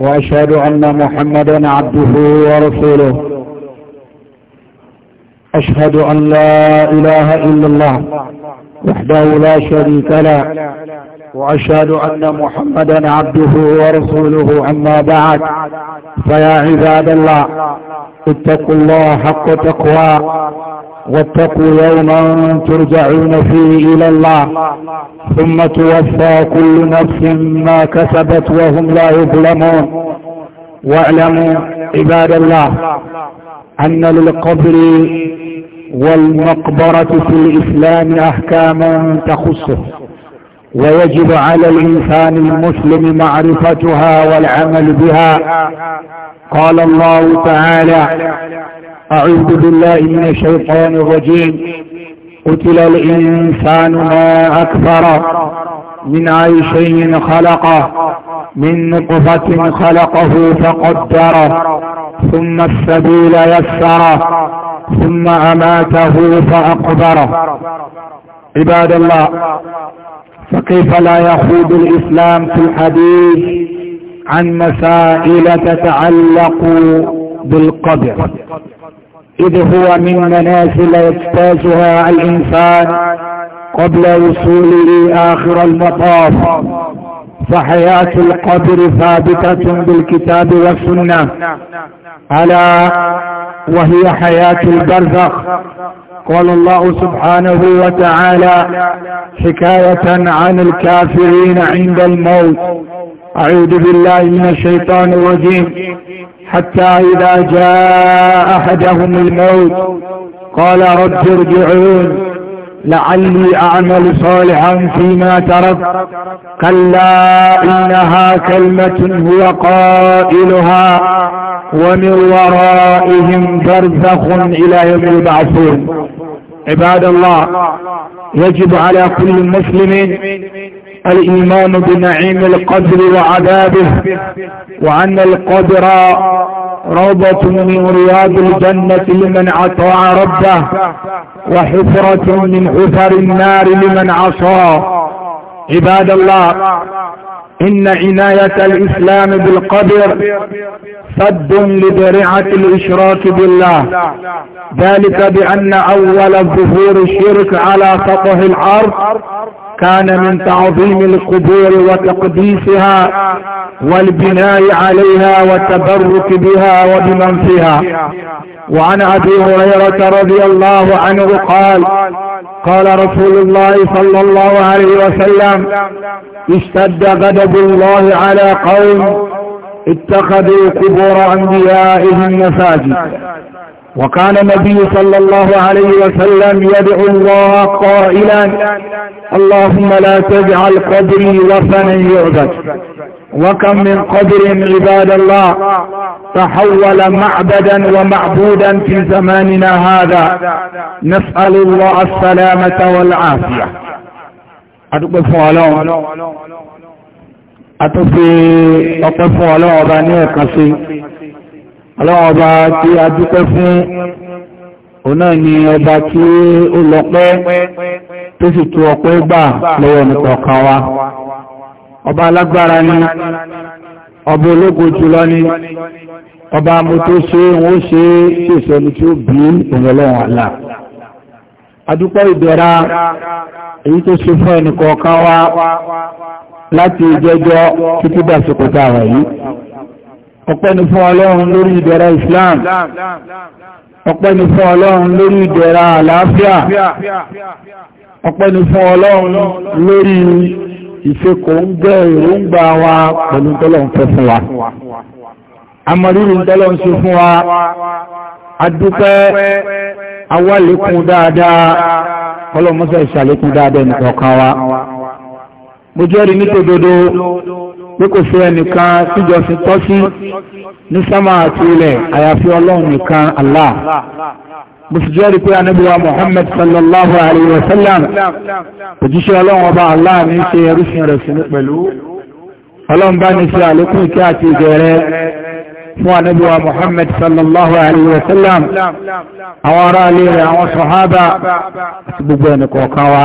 وأشهد أن محمدا عبده ورسوله أشهد أن لا إله إلا الله وحده لا شريك له وأشهد أن محمدا عبده ورسوله أما بعد فيا عباد الله اتقوا الله حق تقوى واتقوا يوما ترجعون فيه إلى الله ثم توفى كل نفس ما كسبت وهم لا يظلمون واعلموا عباد الله أن للقبر والمقبرة في الإسلام أحكاما تخصه ويجب على الإنسان المسلم معرفتها والعمل بها قال الله تعالى أعوذ بالله من الشيطان الرجيم قتل الإنسان ما أكثر من عيش خلقه من نطفة خلقه فقدره ثم السبيل يسره ثم أماته فأقبره عباد الله فكيف لا يخوض الإسلام في الحديث عن مسائل تتعلق بالقدر إذ هو من منازل يجتازها الإنسان قبل وصوله آخر المطاف فحياة القبر ثابتة بالكتاب والسنة ألا وهي حياة البرزخ قال الله سبحانه وتعالى حكاية عن الكافرين عند الموت أعوذ بالله من الشيطان الرجيم حتى إذا جاء أحدهم الموت قال رب ارجعون لعلي أعمل صالحا فيما ترك كلا إنها كلمة هو قائلها ومن ورائهم برزخ إلى يوم البعثون عباد الله يجب على كل مسلم الإيمان بنعيم القدر وعذابه وأن القدر روضة من رياض الجنة لمن أطاع ربه وحفرة من حفر النار لمن عصى عباد الله إن عناية الإسلام بالقدر سد لذرعة الإشراك بالله ذلك بأن أول ظهور الشرك على سطح الأرض كان من تعظيم القبور وتقديسها والبناء عليها والتبرك بها وبمن فيها وعن ابي هريرة رضي الله عنه قال قال رسول الله صلى الله عليه وسلم اشتد غضب الله على قوم اتخذوا قبور انبيائهم مساجد وكان النبي صلى الله عليه وسلم يدعو الله قائلا اللهم لا تجعل قدري وثنا يعبد وكم من قدر عباد الله تحول معبدا ومعبودا في زماننا هذا نسأل الله السلامة والعافية أدقى فعلون أتفي أتفعلون بني ọlọ́wọ́n ọba tí a dúpẹ́ fún ọ̀nà ni ọba tí ó lọ́pẹ́ tó sì tó ọpẹ́ gbà lọ́wọ́ nìkọ̀ọ̀kan wa ọba alágbára ni ọba ológo jùlọ ni ọba mo tó ṣe wọ́n ṣe ṣe ìṣẹ́ni tí ó bí ìrọ̀lọ́wọ̀n àlà adúpẹ́ ìbẹ̀ra èyí tó ṣe fún ẹnìkọ̀ọ̀kan wa láti ìjẹjọ́ títí dàsìkò tààrà yìí ọpẹ́ ni fún ọlọ́run lórí ìdẹ̀ra islam ọpẹ́ ni fún ọlọ́run lórí ìdẹ̀ra àlàáfíà ọpẹ́ ni fún ọlọ́run lórí ìṣekò ń gẹ́ ìrúngbà wa pẹ̀lú tọ́lọ́run fẹ́ fún wa amọ̀rírì tọ́lọ́run ṣe fún wa adúpẹ́ awálékún dáadáa ọlọ́mọ́sẹ̀ ìṣàlékún dáadáa ẹnìkọ̀ọ̀kan wa mo jẹ́rìí nítòdodo pé kò sí ẹnìkan tíjọsìn tọ́ sí ní sámà àti ilẹ̀ àyàfi ọlọ́run nìkan Allah bó ti jẹ́rìí pé anábíwá Muhammad sallallahu alayhi wa sallam òjíṣẹ́ ọlọ́run ọba Allah ní ṣe ẹrúsìn rẹ̀ sínú pẹ̀lú ọlọ́run bá ní ṣe àlékún ìkẹ́ àti ìgẹ̀rẹ́ fún anábíwá Muhammad sallallahu alayhi wa sallam àwọn ará ilé rẹ̀ àwọn sọ̀hábà gbogbo ẹnìkọ̀ọ̀kan wa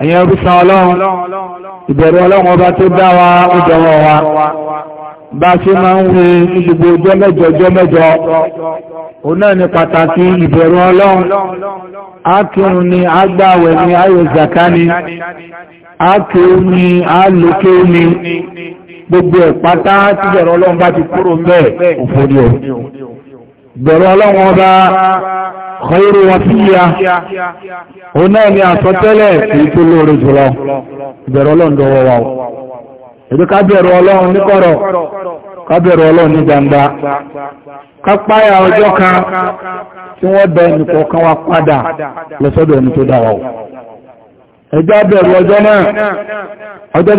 ẹ̀yin ẹrúsàn ọlọ́run ìbẹ̀rù ọlọ́run ọba tó dá wa ó jọwọ́ wa bá ṣe máa ń wé ní gbogbo ọjọ́ mẹ́jọ ọjọ́ mẹ́jọ òun náà ni pàtàkì ìbẹ̀rù ọlọ́run ákìrún ni agbáwẹ̀ ni ayò zaka ni ákìrún ni alókè ni gbogbo ẹ̀ pátá tí bẹ̀rù ọlọ́run bá ti kúrò ń bẹ́ẹ̀ òfò ọlọ́run ọba khairu wasiya òun náà ni àsọtẹ́lẹ̀ èyí tó lóore jùlọ ìbẹ̀rù ọlọ́run dọwọ́ wa o ka ká bẹ̀rù ọlọ́run ní ka ká bẹ̀rù ọlọ́run ní gbangba ká páyà ọjọ́ kan tí wọ́n bẹ nìkọ̀ọ̀kan wa padà o ẹjá bẹ̀rù ọjọ́ náà ọjọ́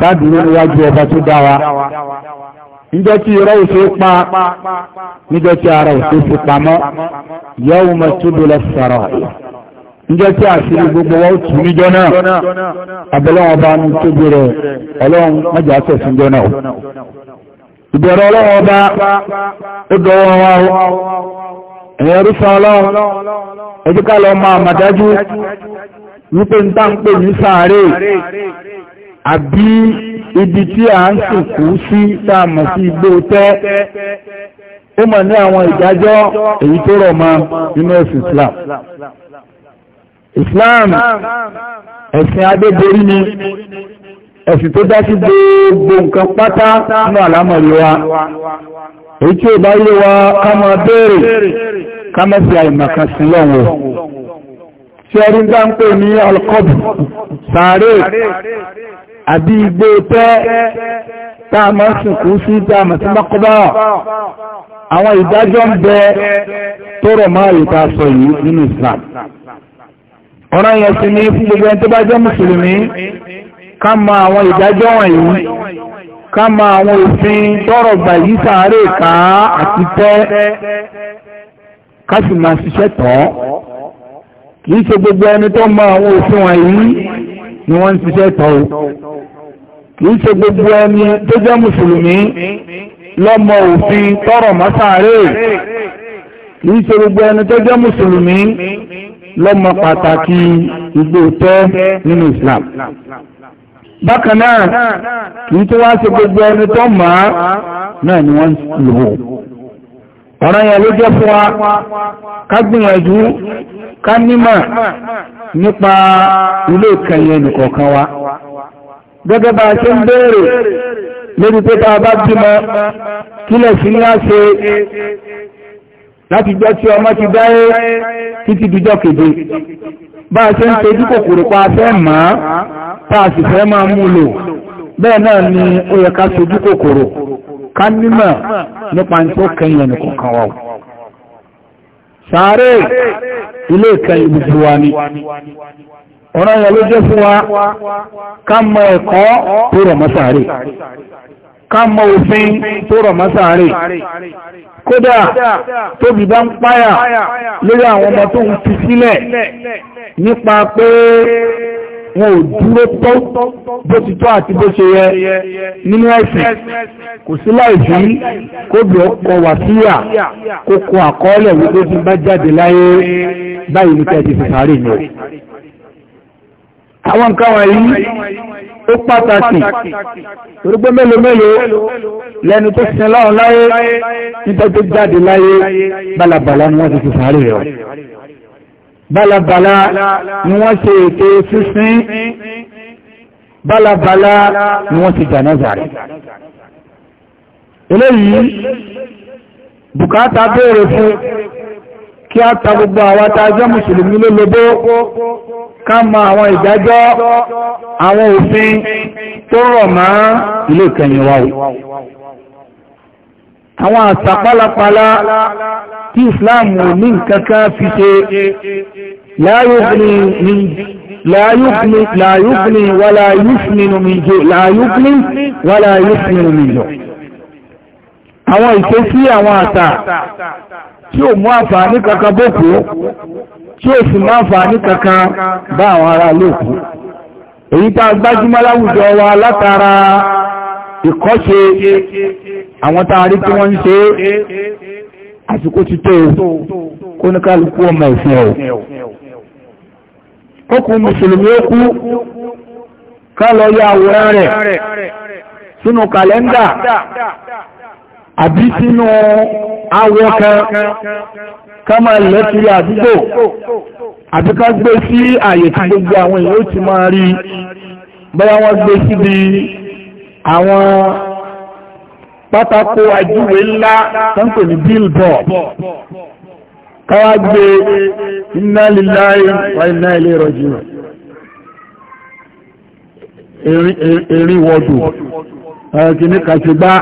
tó níjọ́ tí irọ́ òṣè pa níjọ́ tí ara òṣè fi pamọ́ yẹ́wò mọ̀ tó dúlẹ̀ sọ̀rọ̀ níjọ́ tí àṣírí gbogbo wọ́n tù níjọ́ náà abẹ́lẹ́wọ̀n bá ń tóbi rẹ̀ ọlọ́run mẹ́jà sẹ̀sìn jọ náà ìbẹ̀rẹ̀ ọlọ́run ọba ó dọwọ́ wa ẹ̀yẹ àbí ibi tí a ń sìnkú sí sáàmù sí igbó tẹ́ ó mọ̀ ní àwọn ìdájọ́ èyí tó rọ̀ mọ́ nínú Islam Islam ẹ̀sìn adéborí ni ẹ̀sìn tó dá sí gbogbo nǹkan pátá nínú àlámọ̀rí wa èyí tí ó bá yé wa ká máa béèrè àìmọ̀kan sí lọ́wọ́ tí ẹ̀rí dá ń pè ní alkọ́bù sàárè àbí igbó tẹ́ táàmà sùnkú sí táàmà sí mọ́kọ́bá àwọn ìdájọ́ ń bẹ tó máa yìí ta sọ yìí nínú Islam ọ̀rọ̀ yẹn sì ní fún gbogbo ẹni tó bá jẹ́ mùsùlùmí ká mọ àwọn ìdájọ́ wọ̀nyí ká mọ àwọn òfin tọ́rọ̀ gbà yìí sàárè ká àti tẹ́ ká sì máa ṣiṣẹ́ tọ́ kìí ṣe gbogbo ẹni tó mọ àwọn òfin wọ̀nyí o. kìí ṣe gbogbo ẹni tó jẹ́ mùsùlùmí lọ́mọ òfin tọrọ mọ́sàárè kìí ṣe gbogbo ẹni tó jẹ́ mùsùlùmí lọ́mọ pàtàkì ìgbòtọ́ nínú Islam bákan náà kìí tó wá ṣe gbogbo ẹni tó máa náà ni wọ́n lò ó ọ̀rọ̀ yẹn ló jẹ́ fún wa ká gbìyànjú ká nímọ̀ nípa ilé ìkẹyẹ nìkọ̀ọ̀kan wa gẹ́gẹ́ bá a ṣe ń béèrè lórí pé tá a bá bímọ kílẹ̀ sí ní àṣẹ láti jọ tí ọmọ ti dáyé títí dújọ́ kéde bá a ṣe ń tojú kòkòrò pa fẹ́ mọ́ tá sì fẹ́ máa mú lò bẹ́ẹ̀ náà ni ó yẹ ká sojú kòkòrò ká nímọ̀ nípa tó kẹyìn ẹnìkan kan wà sáré ilé ìkẹyìn gbogbo wa ni ọ̀rọ̀ yẹn ló jẹ́ fún wa ká mọ ẹ̀kọ́ tó rọ̀ mọ́sàárì ká mọ òfin tó rọ̀ mọ́sàárì kódà tóbi bá ń páyà lórí àwọn ọmọ tó ń fi sílẹ̀ nípa pé wọn ò dúró tó bó ti tọ́ àti bó ṣe yẹ nínú ẹ̀sìn kò sí láìsí kóbi ọkọ̀ wà síyà kókó àkọọ́lẹ̀ wípé ti bá jáde láyé báyìí ní kẹ́ẹ̀ ti fi sáré ni àwọn nǹkan wọ̀nyí ó pàtàkì torípé mélòó mélòó lẹ́nu tó sin lọ́run láyé nítorí tó jáde láyé bálabàlá ni wọ́n ti fi sàárè rẹ̀ bálabàlá ni wọ́n ṣe ètò sísìn bálabàlá ni wọ́n ti jànáza rẹ̀ eléyìí bùkátà béèrè fún kí a ta gbogbo àwọn tá a mùsùlùmí lólobó ká mọ àwọn ìdájọ́ àwọn òfin tó rọ̀ mọ́ ilé ìkẹyìn wa àwọn àṣà pálapàla tí Islam ò ní nǹkankan fi ṣe láyúgbìn wàlá yúsmínú mìjọ láyúgbìn wàlá yúsmínú mìjọ àwọn ìṣesí àwọn àṣà tí ò mú àǹfààní kankan bókòó tí ó sì máa fà ní kankan bá àwọn ará lóòkú èyí tá a gbájúmọ́ láwùjọ wa látara ìkọ́ṣe àwọn tá a tí wọ́n ń ṣe àsìkò ti tó kó ní kálukú ọmọ ìfẹ́ ò kókù mùsùlùmí ó kú kálọ lọ ya àwòrán rẹ̀ sínú kàlẹ́ndà àbí sínú awọ kan ká máa lẹ́ kiri àdúgbò àti ká gbé sí àyè tí gbogbo àwọn èèyàn ó ti máa rí bóyá wọ́n gbé síbi àwọn pátákó ajúwe ńlá tó ń pè ní billboard káwá gbé inna lillahi wa inna ilaihi raji'un erin er-, wọ́dù ẹ̀kìní kàṣùgbá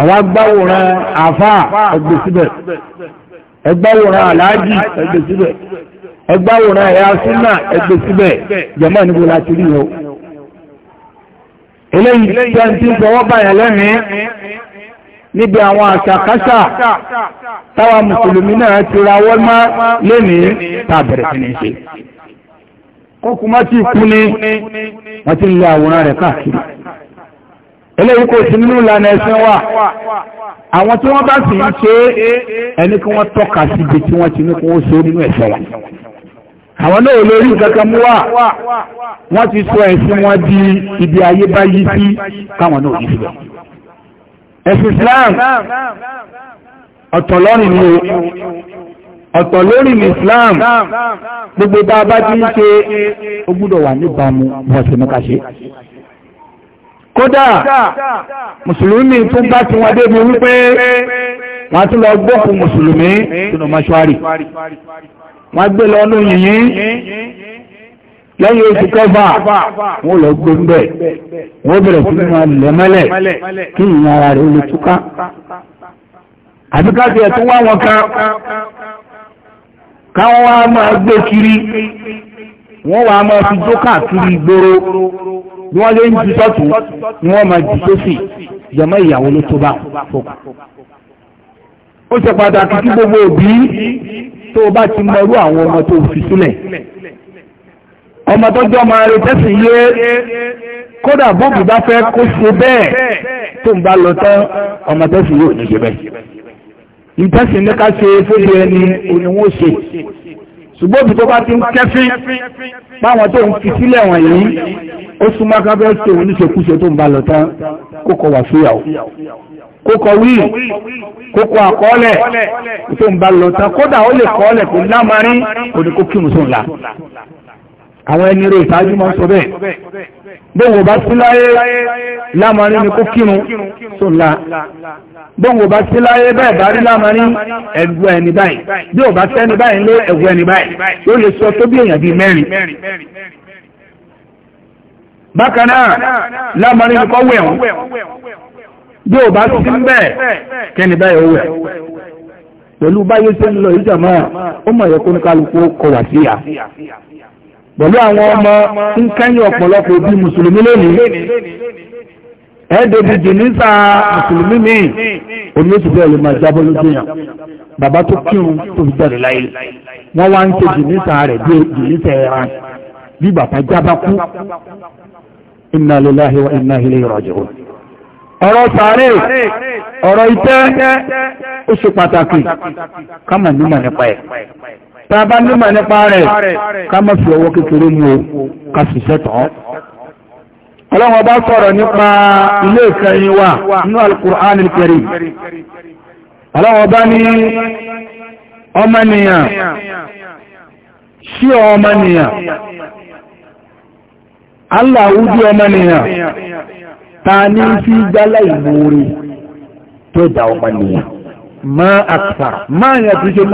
àwọn agbáwòrán àfáà ọgbẹ̀ síbẹ̀ ẹgbàwòrán aláàjì ẹgbẹ́ síbẹ̀ ẹgbàwòrán ẹ̀yà súnà ẹgbẹ́ síbẹ̀ jẹmọ́ rí o eléyìí tí a ti fọwọ́ báyàn lẹ́rin níbi àwọn àṣàkáṣà táwa mùsùlùmí náà ti rawọ́ mọ́ tàbẹ̀rẹ̀ sí ní ṣe ti kú ni wọ́n ti wa àwọn tí wọ́n bá sì ń ṣe ẹni kí wọ́n tọ́ka síbi tí wọ́n ti ní kí wọ́n ṣe nínú ẹ̀ṣẹ̀ wa àwọn náà lórí kankan mú wà wọ́n ti sọ ẹ̀sìn wọn di ibi ayé bá yí sí káwọn náà yí síbẹ̀ ẹ̀sìn Islam ọ̀tọ̀ lọ́rìn ni o ọ̀tọ̀ lórí ní Islam gbogbo bá a bá ti ń ṣe ó gbúdọ̀ wà níbàámu bọ́sẹ̀ mọ́kàṣe kódà mùsùlùmí tún bá ti wọn débi wípé wọ́n tún lọ gbókù mùsùlùmí sínú mọ́ṣúárì wọ́n gbé lọ ní yìnyín lẹ́yìn oṣù kẹfà wọ́n lọ gbé ń bẹ̀ wọ́n bẹ̀rẹ̀ sí ní kí ìyìn ara kiri wọ́n wá máa fi bí wọ́n lé ń jù sọ́tù ni wọ́n máa jù sósì jẹ̀mọ́ ìyàwó ló tó bá fọ́kù. ó ṣe pàtàkì kí gbogbo òbí tó bá ti mọrú àwọn ọmọ tó fi sílẹ̀ ọmọ tó jọ máa retẹ́ sí yé kódà bóòbù bá fẹ́ kó ṣe bẹ́ẹ̀ tó ń bá lọ tán ọmọ tẹ́sí yóò ní bẹ́ẹ̀ ìtẹ́sí ní ká ṣe fóbi ẹni oníwó ṣe ṣùgbọ́n òbí tó bá ti ń kẹ́fín báwọn tó ń fi sílẹ̀ wọ̀nyí ó súnmọ́ kábẹ́ tó ń níṣekúṣe tó ń bá lọ tán kó kọ wà síyàwó kó kọ wíì kó kọ àkọọ́lẹ̀ tó ń bá lọ tán kódà ó lè kọ́ọ́lẹ̀ kó lámarí kò ní kó kírun sóun bóun ò sí láyé bẹ́ẹ̀ bá rí láàmà ní ẹni báyìí bí ò bá sẹ́ni báyìí ló ẹ̀gbọ́ ẹni báyìí yóò lè sọ tó bí èèyàn bíi mẹ́rin bákan láàmà ní ikọ́ bí ò bẹ́ẹ̀ kẹ́ni báyìí ó wẹ̀ pẹ̀lú ṣe ń lọ ó mọ̀ ẹ̀kọ́ ní kálukú kọ ọmọ ń kẹ́yìn ọ̀pọ̀lọpọ̀ bí mùsùlùmí ẹ́ẹ̀dẹ̀bí jìnísà mùsùlùmí mi omi ó ti bẹ́ẹ̀ lè máa jábọ́ lójú yàn bàbá tó kírun tó fi bẹ̀rẹ̀ láyé wọ́n wá ń ṣe jìnísà rẹ̀ bí jìnísà ẹran bí bàbá jábá kú inna lillahi ọ̀rọ̀ sàárè ọ̀rọ̀ a bá nímọ̀ nípa rẹ̀ fi ọlọ́wọ́ bá sọ̀rọ̀ nípa ilé ìkẹyìn wa nínú al-Qur'an al-Karim ọlọ́wọ́ bá ní ọmọnìyàn sí ọmọnìyàn aláwúdí ọmọnìyàn ta ní sí gbálá ìmúrí tó dá ọmọnìyàn ma akthar ma yẹ tó ṣe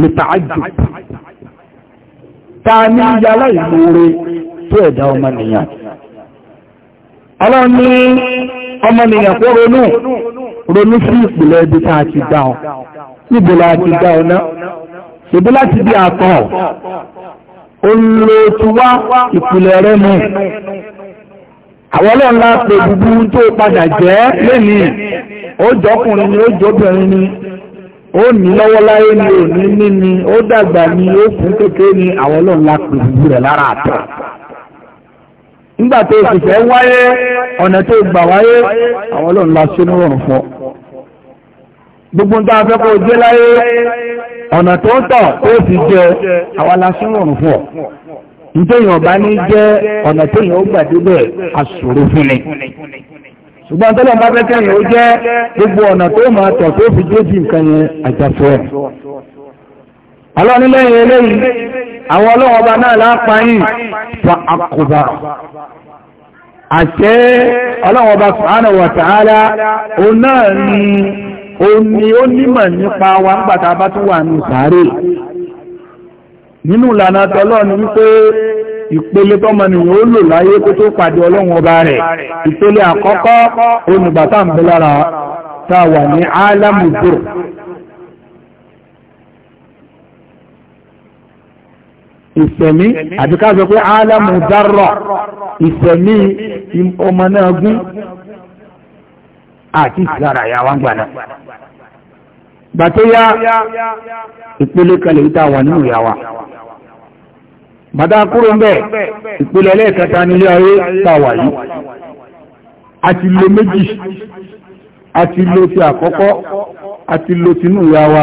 lè tààjù ta ní yálá ìmúrí tó ẹ̀dá ọmọnìyàn ọlọ́run ní ọmọnìyàn kó ronú ronú sí ìpìlẹ̀ ibi tá a ti dá ọ níbo la dá ọ náà ṣèbí láti bí àtọ̀ ìpìlẹ̀ rẹ mú àwọn ọlọ́run la gbogbo ohun tó padà jẹ́ lẹ́nìí ó jọkùnrin ni ó jọbìnrin ni ó ní lọ́wọ́ láyé ni ò ní ní ni ó nígbà tó wáyé ọ̀nà tó gbà wáyé àwọn ọlọ́run la ṣe gbogbo nǹkan afẹ́ kó láyé ọ̀nà tó ń tọ̀ tó sì jẹ àwọn la ṣe nírọ̀rùn fún nítorí ní jẹ́ ọ̀nà tó yẹn ó gbà débẹ̀ aṣòro fún ni ṣùgbọ́n tó lọ́n bá gbogbo ọ̀nà tó máa tọ̀ tó fi dé bí nǹkan yẹn àjàfẹ́ àwọn ọlọ́wọ́ ọba náà lápá yìí fa àkùbà àṣẹ ọlọ́wọ́ ọba subhanahu o náà ni o ni nímọ̀ nípa wa ń gbàtà bá tún wà ní sàárè nínú ìlànà tọ́lọ́ ni wípé ìpele tọ́mọnìyàn ó lò láyé kó tó pàdé ọlọ́wọ́ ọba rẹ̀ ìpele àkọ́kọ́ ń ta wà ní ìsẹ̀mí àdíká sọ pé alamu dárọ̀ ìsẹ̀mí ọmọ náà gún àti ìsìlára ya wá gbàná gbà tó yá ìpele kalẹ̀ ìta wà nínú ìyàwó bàdá kúrò ń bẹ̀ ìpele ẹlẹ́ẹ̀kẹta nílé ayé tàwà yìí àti lo méjì àti lo ti àkọ́kọ́ àti lo tinú ìyàwó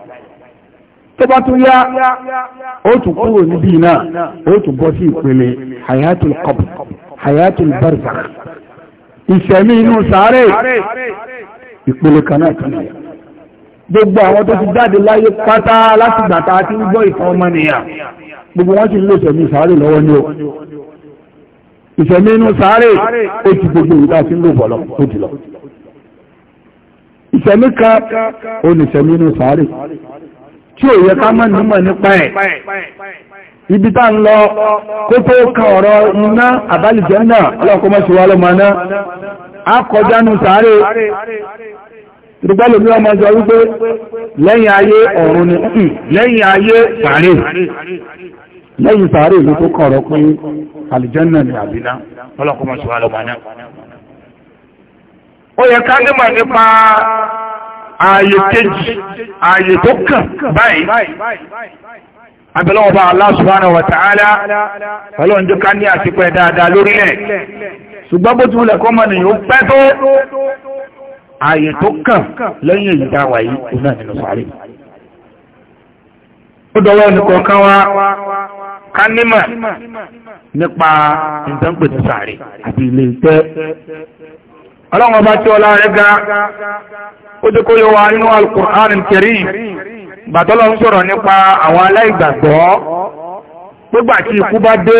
tó bá tún yá ó tún kúrò níbí náà ó tún bọ́ sí ìpele hayatul qabr hayatul barzakh ìṣẹ̀mí inú sàárè ìpele kan náà tún yá gbogbo àwọn tó ti jáde láyé pátá láti gbàtà àti ń gbọ́ ìtàn ọmọnìyàn gbogbo wọn sì ń lò ìṣẹ̀mí sàárè lọ́wọ́ ní o ìṣẹ̀mí inú sàárè ó ti gbogbo ìdá sí ń lò bọ̀ lọ ó ti ìṣẹ̀mí kan ó ní ìṣẹ̀mí inú sàárè tí ò yẹ ká mọ̀ nímọ̀ nípa ẹ̀ ibi tá ń lọ kó tó kan ọ̀rọ̀ iná àbálìjẹ́ náà ọlọ́kọ́mọ́sí wa lọ́mọ náà a kọjá nù sáré ìdúgbàlò ní ọmọ ọjọ́ wípé lẹ́yìn ayé ọ̀run ni hmm, lẹ́yìn ayé sáré lẹ́yìn sáré ìlú tó kọ̀rọ̀ pé àlìjẹ́nà ni àbíná ọlọ́kọ́mọ́sí wa lọ́mọ ààyè kejì ààyè tó kàn báyìí abẹ́lọ́wọ́ba Allah subhanahu wa ta'ala ọlọ́run jẹ́ ká ní àṣepẹ́ dáadáa lórílẹ̀ ṣùgbọ́n bó ti wọlé kọ́mọ nìyí ó pẹ́ tó ààyè tó kàn lẹ́yìn èyí dáwà yìí ó nínú sàárè ó dọwọ́ nìkọ̀ọ̀kan wa ká nímọ̀ nípa ìtànpẹ̀tẹ̀ sàárè àti ilé ìtẹ́ ọlọ́run ọba tí ọlá rẹ̀ ga ó ti kó yọ wa nínú Al-Qur'an Karim bàtọ́lọ́ ń sọ̀rọ̀ nípa àwọn aláìgbàgbọ́ gbígbà tí ikú bá dé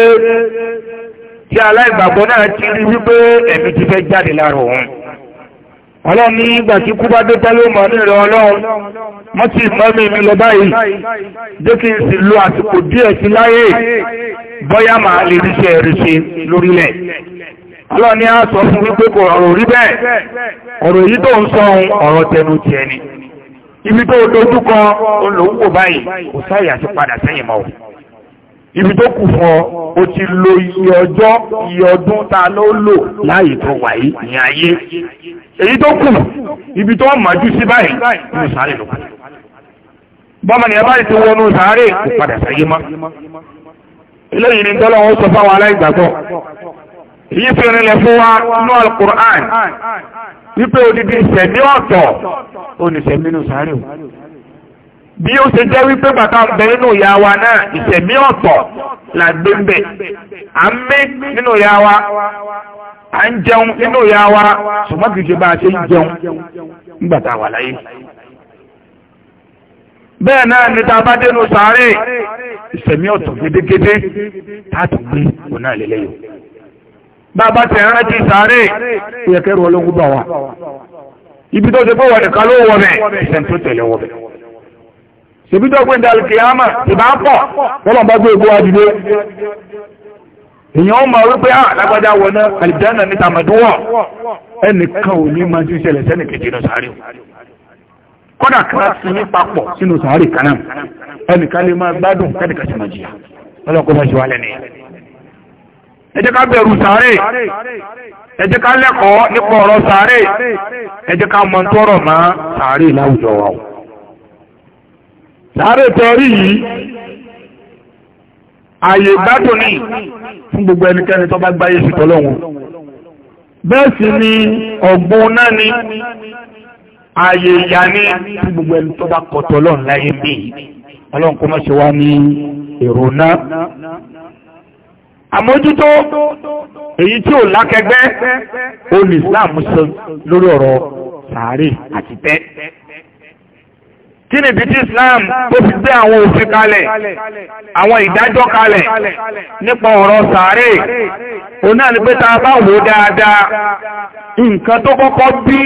tí aláìgbàgbọ́ náà ti rí wípé ẹ̀mí ti fẹ́ jáde lára òun ọlọ́run ní ìgbà tí kú ọlọ́run ni a sọ fún wípé kò ọ̀rọ̀ rí bẹ́ẹ̀ ọ̀rọ̀ èyí tó ń sọ ohun ọ̀rọ̀ tẹnu ti ẹni ibi tó dojú kọ olóhùn kò báyìí kò sáyà sí padà sẹ́yìn mọ́ ibi tó kù fún ọ ti lo iye ọjọ́ iye ọdún ta ló lò láàyè tó wà yìí ní ayé èyí tó kù ibi tó mọ̀jú sí báyìí nínú sáré ló kù bọ́mọ ni ẹ báyìí ti wọnú sáré kò padà sẹ́yìn mọ́ eléyìí ni tọ́lọ́wọ́ sọ fáwọn aláìgbàgbọ́ èyí fi rinlẹ̀ fún wa ní alukur'an wípé odidi ìṣẹ̀mí ọ̀tọ̀ oníṣẹ̀mí nù sáré o bí ó ṣe jẹ́ wípé bàtà ọ̀bẹ nínú ìyá wa náà ìṣẹ̀mí ọ̀tọ̀ là gbé ń bẹ̀ à ń mí nínú ìyá wa à ń jẹun nínú ìyá wa ṣùgbọ́n kì í ṣe bá a ṣe ń jẹun nígbà wà láyé bẹ́ẹ̀ náà ni ta bá dénú sáré ìṣẹ̀mí ọ̀tọ̀ gédégédé tá gbé òun náà lélẹ́yìn bàbá tẹ̀ rántí sáré ìyẹ̀kẹ́rù ọlọ́gún bà wá ibi tó ṣe pé wọ́n nìkan ló wọ̀ bẹ̀ ìṣẹ̀n tó tẹ̀lé wọ̀ bẹ̀ ṣèbí tó pé dàlù kìámà ìbá pọ̀ wọ́n lọ bá gbé egbò adìde èèyàn ó mọ̀ wípé à ah, lágbájá wọ náà àlìjáná níta màdúwọ̀ ẹnìkan ò ní máa ti ṣẹlẹ̀ sẹ́nì kejì lọ sáré kódà kan sí ní papọ̀ sínú sáré kan náà ẹnìkan lè máa gbádùn kẹ́nìkan sì máa jìyà ẹ jẹ́ ká bẹ̀rù sáré ẹ jẹ́ ká lẹ́kọ̀ọ́ nípa ọ̀rọ̀ sáré ẹ jẹ́ ká mọ tọ́rọ̀ mọ́ sáré láwùjọ wa sáré tọrí yìí ààyè gbádùn ní fún gbogbo ẹnikẹ́ni tó bá gbáyé sí tọ́lọ́hun bẹ́ẹ̀ sì ni ọ̀gbun náà ni ààyè ìyá ní fún gbogbo ẹni tó bá kọ̀ tọ́lọ́hun láyé bí ọlọ́run kó má ṣe ní èrò náà àmójútó èyí tí ò lákẹgbẹ́ olè islam ṣe lórí ọ̀rọ̀ sàárè àti tẹ́ kí ni bí tí islam tó fi gbé àwọn òfin kalẹ̀ àwọn ìdájọ́ kalẹ̀ nípa ọ̀rọ̀ sàárè òun náà ni pé ta bá wò dáadáa nǹkan tó kọ́kọ́ bí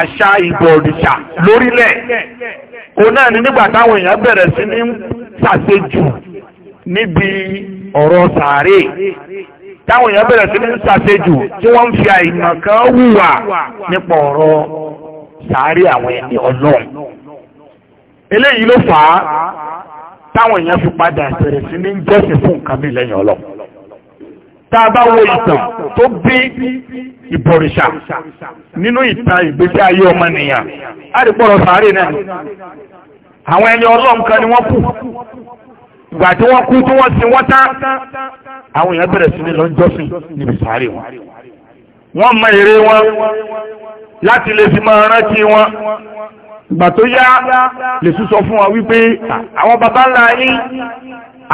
àṣà ìbọ̀rìṣà lórílẹ̀ òun ni nígbà táwọn èèyàn bẹ̀rẹ̀ sí ní ṣàṣejù níbi ọ̀rọ̀ sàárè táwọn èèyàn bẹ̀rẹ̀ sí ní ṣàṣejù tí wọ́n ń fi àìmọ̀ kan hùwà nípa ọ̀rọ̀ sàárè àwọn ẹni ọlọ́run eléyìí ló fà á táwọn èèyàn fi padà bẹ̀rẹ̀ sí ní fún nǹkan lẹ́yìn ọlọ́run tá a bá wo ìtàn tó ìbọ̀rìṣà nínú gbà tí wọ́n kú tí wọ́n sin wọ́n tán àwọn èèyàn bẹ̀rẹ̀ sí ní lọ jọ́sìn níbi sáré wọn wọ́n mọ èrè wọn láti lè fi máa rántí wọn ìgbà tó yá lè tún sọ fún wọn wípé àwọn baba ńlá yín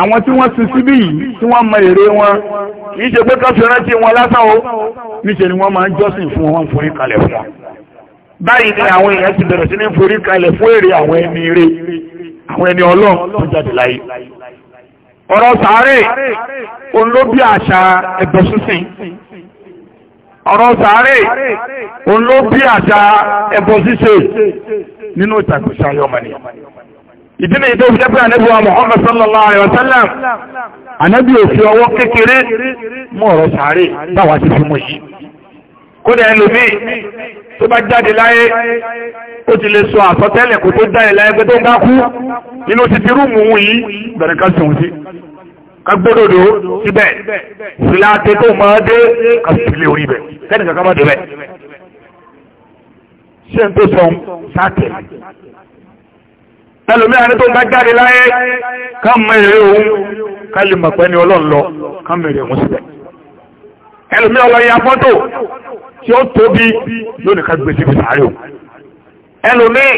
àwọn tí wọ́n sin síbí yìí tí wọ́n mọ èrè wọn kìí ṣe pé kọ́sùn rántí wọn lásán o níṣẹ́ ni wọ́n máa ń jọ́sìn fún wọn forí kalẹ̀ fún wọn báyìí ni àwọn èèyàn ti bẹ̀rẹ̀ sí ní forí kalẹ̀ fún èrè àwọn ẹni rere àwọn ẹni ọlọ́run tó jáde láyé ọ̀rọ̀ sàárè òun ló bí àṣà ẹ̀bẹ̀ sísìn ọ̀rọ̀ sàárè òun ló bí àṣà ẹ̀bọ̀ sísè nínú ìtàkùsà yọmọ̀ni ìdí ni ìdó ìjẹ́pẹ́ ànábì wa Muhammad sallallahu alaihi wasallam ànábì òfin ọwọ́ kékeré mọ́ ọ̀rọ̀ sàárè báwa ti fi mú yìí kódà ẹlòmíì tó bá jáde láyé ó ti lè sọ àsọtẹ́lẹ̀ kó tó jáde láyé pé tó ń bá kú nínú ti ti rúùmù òun yìí bẹ̀rẹ̀ ká sùn sí kagbódòdó síbẹ̀ síláàtẹ tó máa dé kàṣìlẹ̀ orí bẹ̀ kẹ́nì kankan máa débẹ̀ ṣé n tó sọm sáàtẹ̀ ẹlòmíì àti tó ń bá jáde láyé ká mọ èrè òun ká lè mọ̀ pẹ́ ni ọlọ́run lọ ká mọ èrè òun síbẹ̀ ẹlòmíì ọlọ́yin afọ́tò tí ó tóbi yóò nìkan gbèsè fi sàárè o ẹlòmíì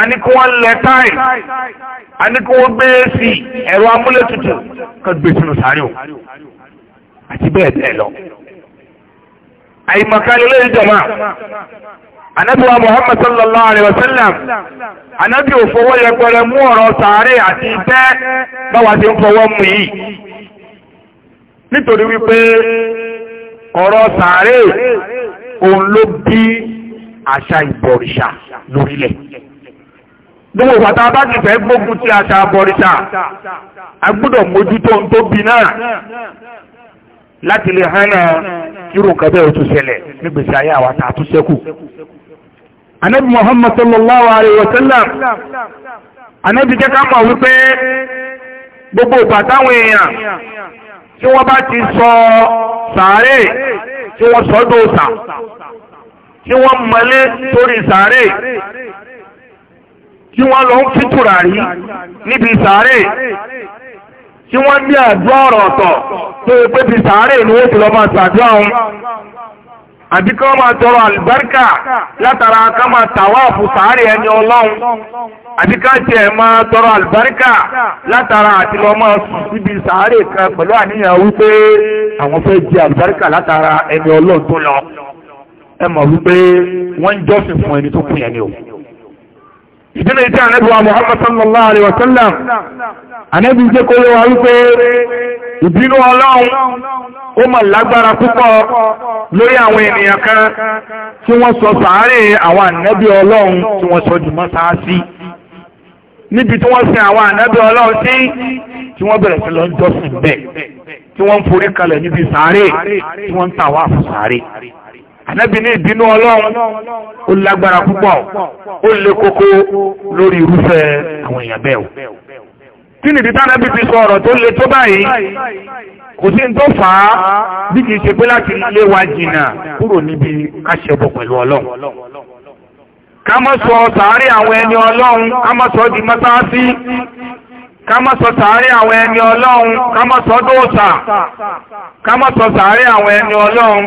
àníkó wọn lẹ táì àníkó wọn gbé sí ẹ̀rọ amúlétutù kan gbèsè nù sàárè o àti bẹ́ẹ̀ bẹ́ẹ̀ lọ àyìnbàkálẹ̀ lè jọ̀mọ́ anabi wa muhammad sallallahu alaihi wasallam anabi ò fọwọ́ mú ọ̀rọ̀ sàárè àti bẹ́ẹ̀ báwa ti ń fọwọ́ mú yìí nítorí wípé ọ̀rọ̀ sàárè òun ló bí àṣà ìbọ̀rìṣà lórílẹ̀ gbogbo pàtà bá ti fẹ́ gbógun ti àṣà ìbọ̀rìṣà a mójútó tó bí náà láti lè hánà irú nǹkan bẹ́ẹ̀ tún ṣẹlẹ̀ nígbèsè ayé jẹ́ ká mọ̀ wípé gbogbo tí wọ́n bá ti sọ sàárè tí wọ́n sọ́dọ̀ òsà tí wọ́n mọlé torí sàárè tí wọ́n lọ ń fìtùrà rí níbi sàárè tí wọ́n ní àdúrà ọ̀rọ̀ ọ̀tọ̀ tó o pé bí sàárè ni wọ́n ti lọ máa ṣàdúrà wọn àbí kọ́ máa tọrọ àlùbáríkà látara ká máa tàwáàfù sàárè ẹni ọlọ́run àbí ká tiẹ̀ máa tọrọ àlùbáríkà látara àti lọ máa sùn síbi sàárè kan pẹ̀lú àníyàn wípé àwọn fẹ́ jẹ àlùbáríkà látara ẹni ọlọ́run tó lọ ẹ mọ̀ wípé wọ́n ń jọ́sìn fún ẹni tó kú yẹn ni o. ìdílé tí ànábì wa Muhammad sallallahu alayhi wa sallam ànábì jẹ́ kó yẹ wa wípé ìbínú ọlọ́run ó mọ̀ lágbára púpọ̀ lórí àwọn ènìyàn kan tí wọ́n sọ sàárè àwọn ànábì ọlọ́run tí wọ́n sọ jùmọ́ sáásí níbi tí wọ́n sin àwọn ànábì ọlọ́run sí tí wọ́n bẹ̀rẹ̀ sí lọ ń jọ́sìn bẹ́ẹ̀ tí wọ́n ń forí kalẹ̀ níbi sàárè tí wọ́n ń tà wá fún sàárè ànábì ní ìbínú ọlọ́run ó lágbára púpọ̀ ó le koko lórí irúfẹ́ àwọn èèyàn bẹ́ẹ̀ kí nìdí tánàbí fi sọ ọ̀rọ̀ tó le tó báyìí kò sí tó fà bí kìí ṣe pé wa ji kúrò níbi aṣẹ́bọ̀ pẹ̀lú ọlọ́run ká má àwọn ẹni ọlọ́run ká di mọ́sáàsì àwọn ẹni ọlọ́run ká dóòsà ká má àwọn ẹni ọlọ́run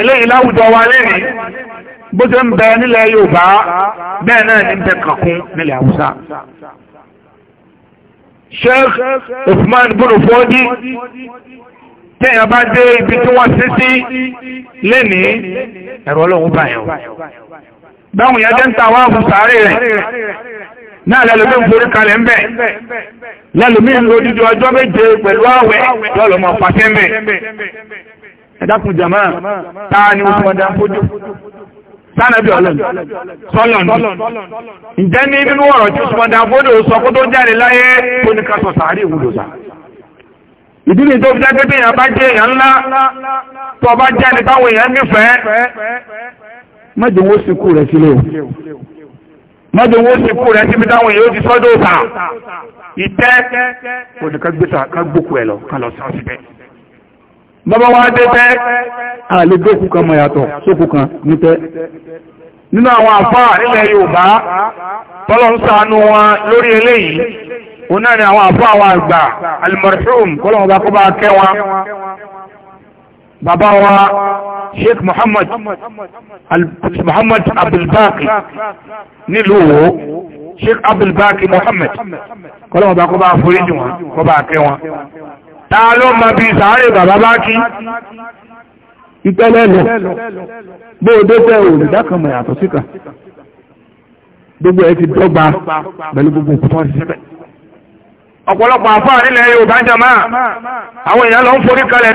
eléyìí láwùjọ wa lẹ́rìn bó ṣe ń bẹ nílẹ̀ Yorùbá bẹ́ẹ̀ náà ní bẹ kankun nílẹ̀ Haúsá Sheikh Usman bùrù fọ́dí tẹ́yàn bá dé ibi tí wọ́n sí sí lénìí ẹ̀rọ ọlọ́run báyàn báwọn ìyá jẹ́ ń ta wáàbù sàárè rẹ̀ náà lẹ́lùmí ń forí kalẹ̀ ń bẹ̀ lẹ́lùmí ń lo dídí ọjọ́ méje pẹ̀lú àwẹ̀ yọ́ pàṣẹ ń bẹ̀ ẹ̀dákun jama táà ní oṣù ọdá fojú sánàbí ọlọ́nù ǹjẹ́ ní nínú ọ̀rọ̀ tí oṣù ọdá fojú sọ kó tó jáde láyé tó ní ká sàárì ìwúlòsà ìdílé tó fi dágbé èèyàn bá jẹ́ èèyàn ńlá tó bá jẹ́ ní ìtẹ́ kò ní ká gbókù bọ́bọ́ wá dé tẹ́ àlébókù kan mọ̀yàtọ̀ sókù kan nítẹ́ nínú àwọn àfáà nílẹ̀ Yorùbá tọ́lọ̀ ń ṣàánú wọn lórí eléyìí òun náà ni àwọn àfáà wa àgbà al-marhum kọ́lọ̀wọ́n bá kọ́ bá kẹ́ wọn bàbá wa Sheikh Muhammad Muhammad Abdulbaki nílùú wo Abdulbaki Muhammad kọ́lọ̀wọ́n kọ́ bá forí jù kọ́ bá kẹ́ wọn ta ló ma bí sàárè bàbá bá kí lọ tẹ́ kan yàtọ̀ síkà gbogbo ẹ ti dọ́gba pẹ̀lú gbogbo òkúta ọ̀pọ̀lọpọ̀ nílẹ̀ ń kalẹ̀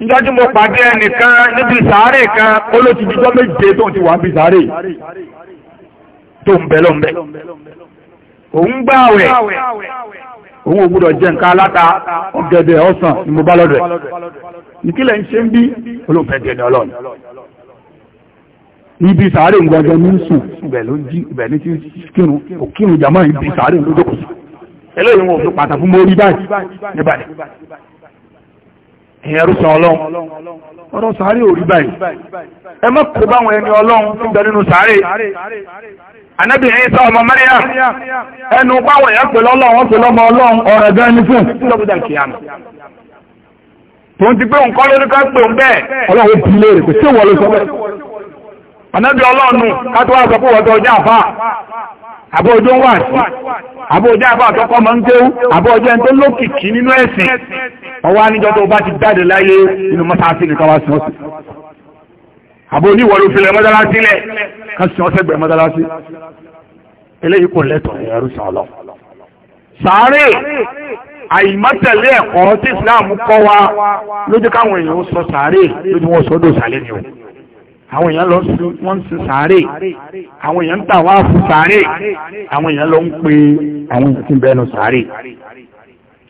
níbi pàdé ẹnìkan níbi sàárè kan ó ló ti jíjọ́ tó ti wà sàárè tó ń bẹ lọ́nbẹ́ òun gbá àwẹ̀ òun ò jẹ nǹkan aláta ọ̀gẹ̀dẹ̀ ọsàn ni mo bá lọ́dọ̀ ẹ̀ ìkílẹ̀ ń ṣe ń bí olóòfẹ́ dị ọlọ́run n'ibi sàárè ìgbàjọ ní sùn ibẹ̀ ní ti kírun sàárè eléyìí wọn ò fi pàtàkì fún mórí báyìí níbàdí ìyẹn rúsan ọlọ́run ọ̀rọ̀ sàárè ò rí báyìí ẹ kó báwọn ẹni ọlọ́run tó bẹ Ànábì Ìsá ọmọ Maryam ẹnu páwọn èèyàn pẹ̀lú ọlọ́run wọ́n pẹ̀lú ọmọ ọlọ́run ọ̀rọ̀ gan ni fún lọ́gbọ́dà ti pé nǹkan lórí ká pè ń bẹ́ẹ̀ ọlọ́run bí lè rẹ̀ tí wọ́n lè sọ bẹ́ẹ̀ Ànábì ọlọ́run kátó wá sọ pé wọ́n tọ́jú àfà àbójó ń wà àbò oníwọ̀ ló filẹ̀ mọ́sálásí lẹ̀ kan sì wọ́n sẹ́gbẹ̀ẹ́ mọ́sálásí eléyìí kò lẹ́tọ̀ọ́ ẹ̀rú sọ̀lọ́ sàárè àìmọ́tẹ̀lé ẹ̀kọ́ tí Islam kọ́ wa lójú káwọn èèyàn sọ sàárè lójú wọn sọdọ̀ sàlẹ̀ ni o àwọn èèyàn lọ sí wọ́n sí sàárè àwọn èèyàn ń fún sàárè àwọn èèyàn lọ ń pe àwọn èèyàn tí sàárè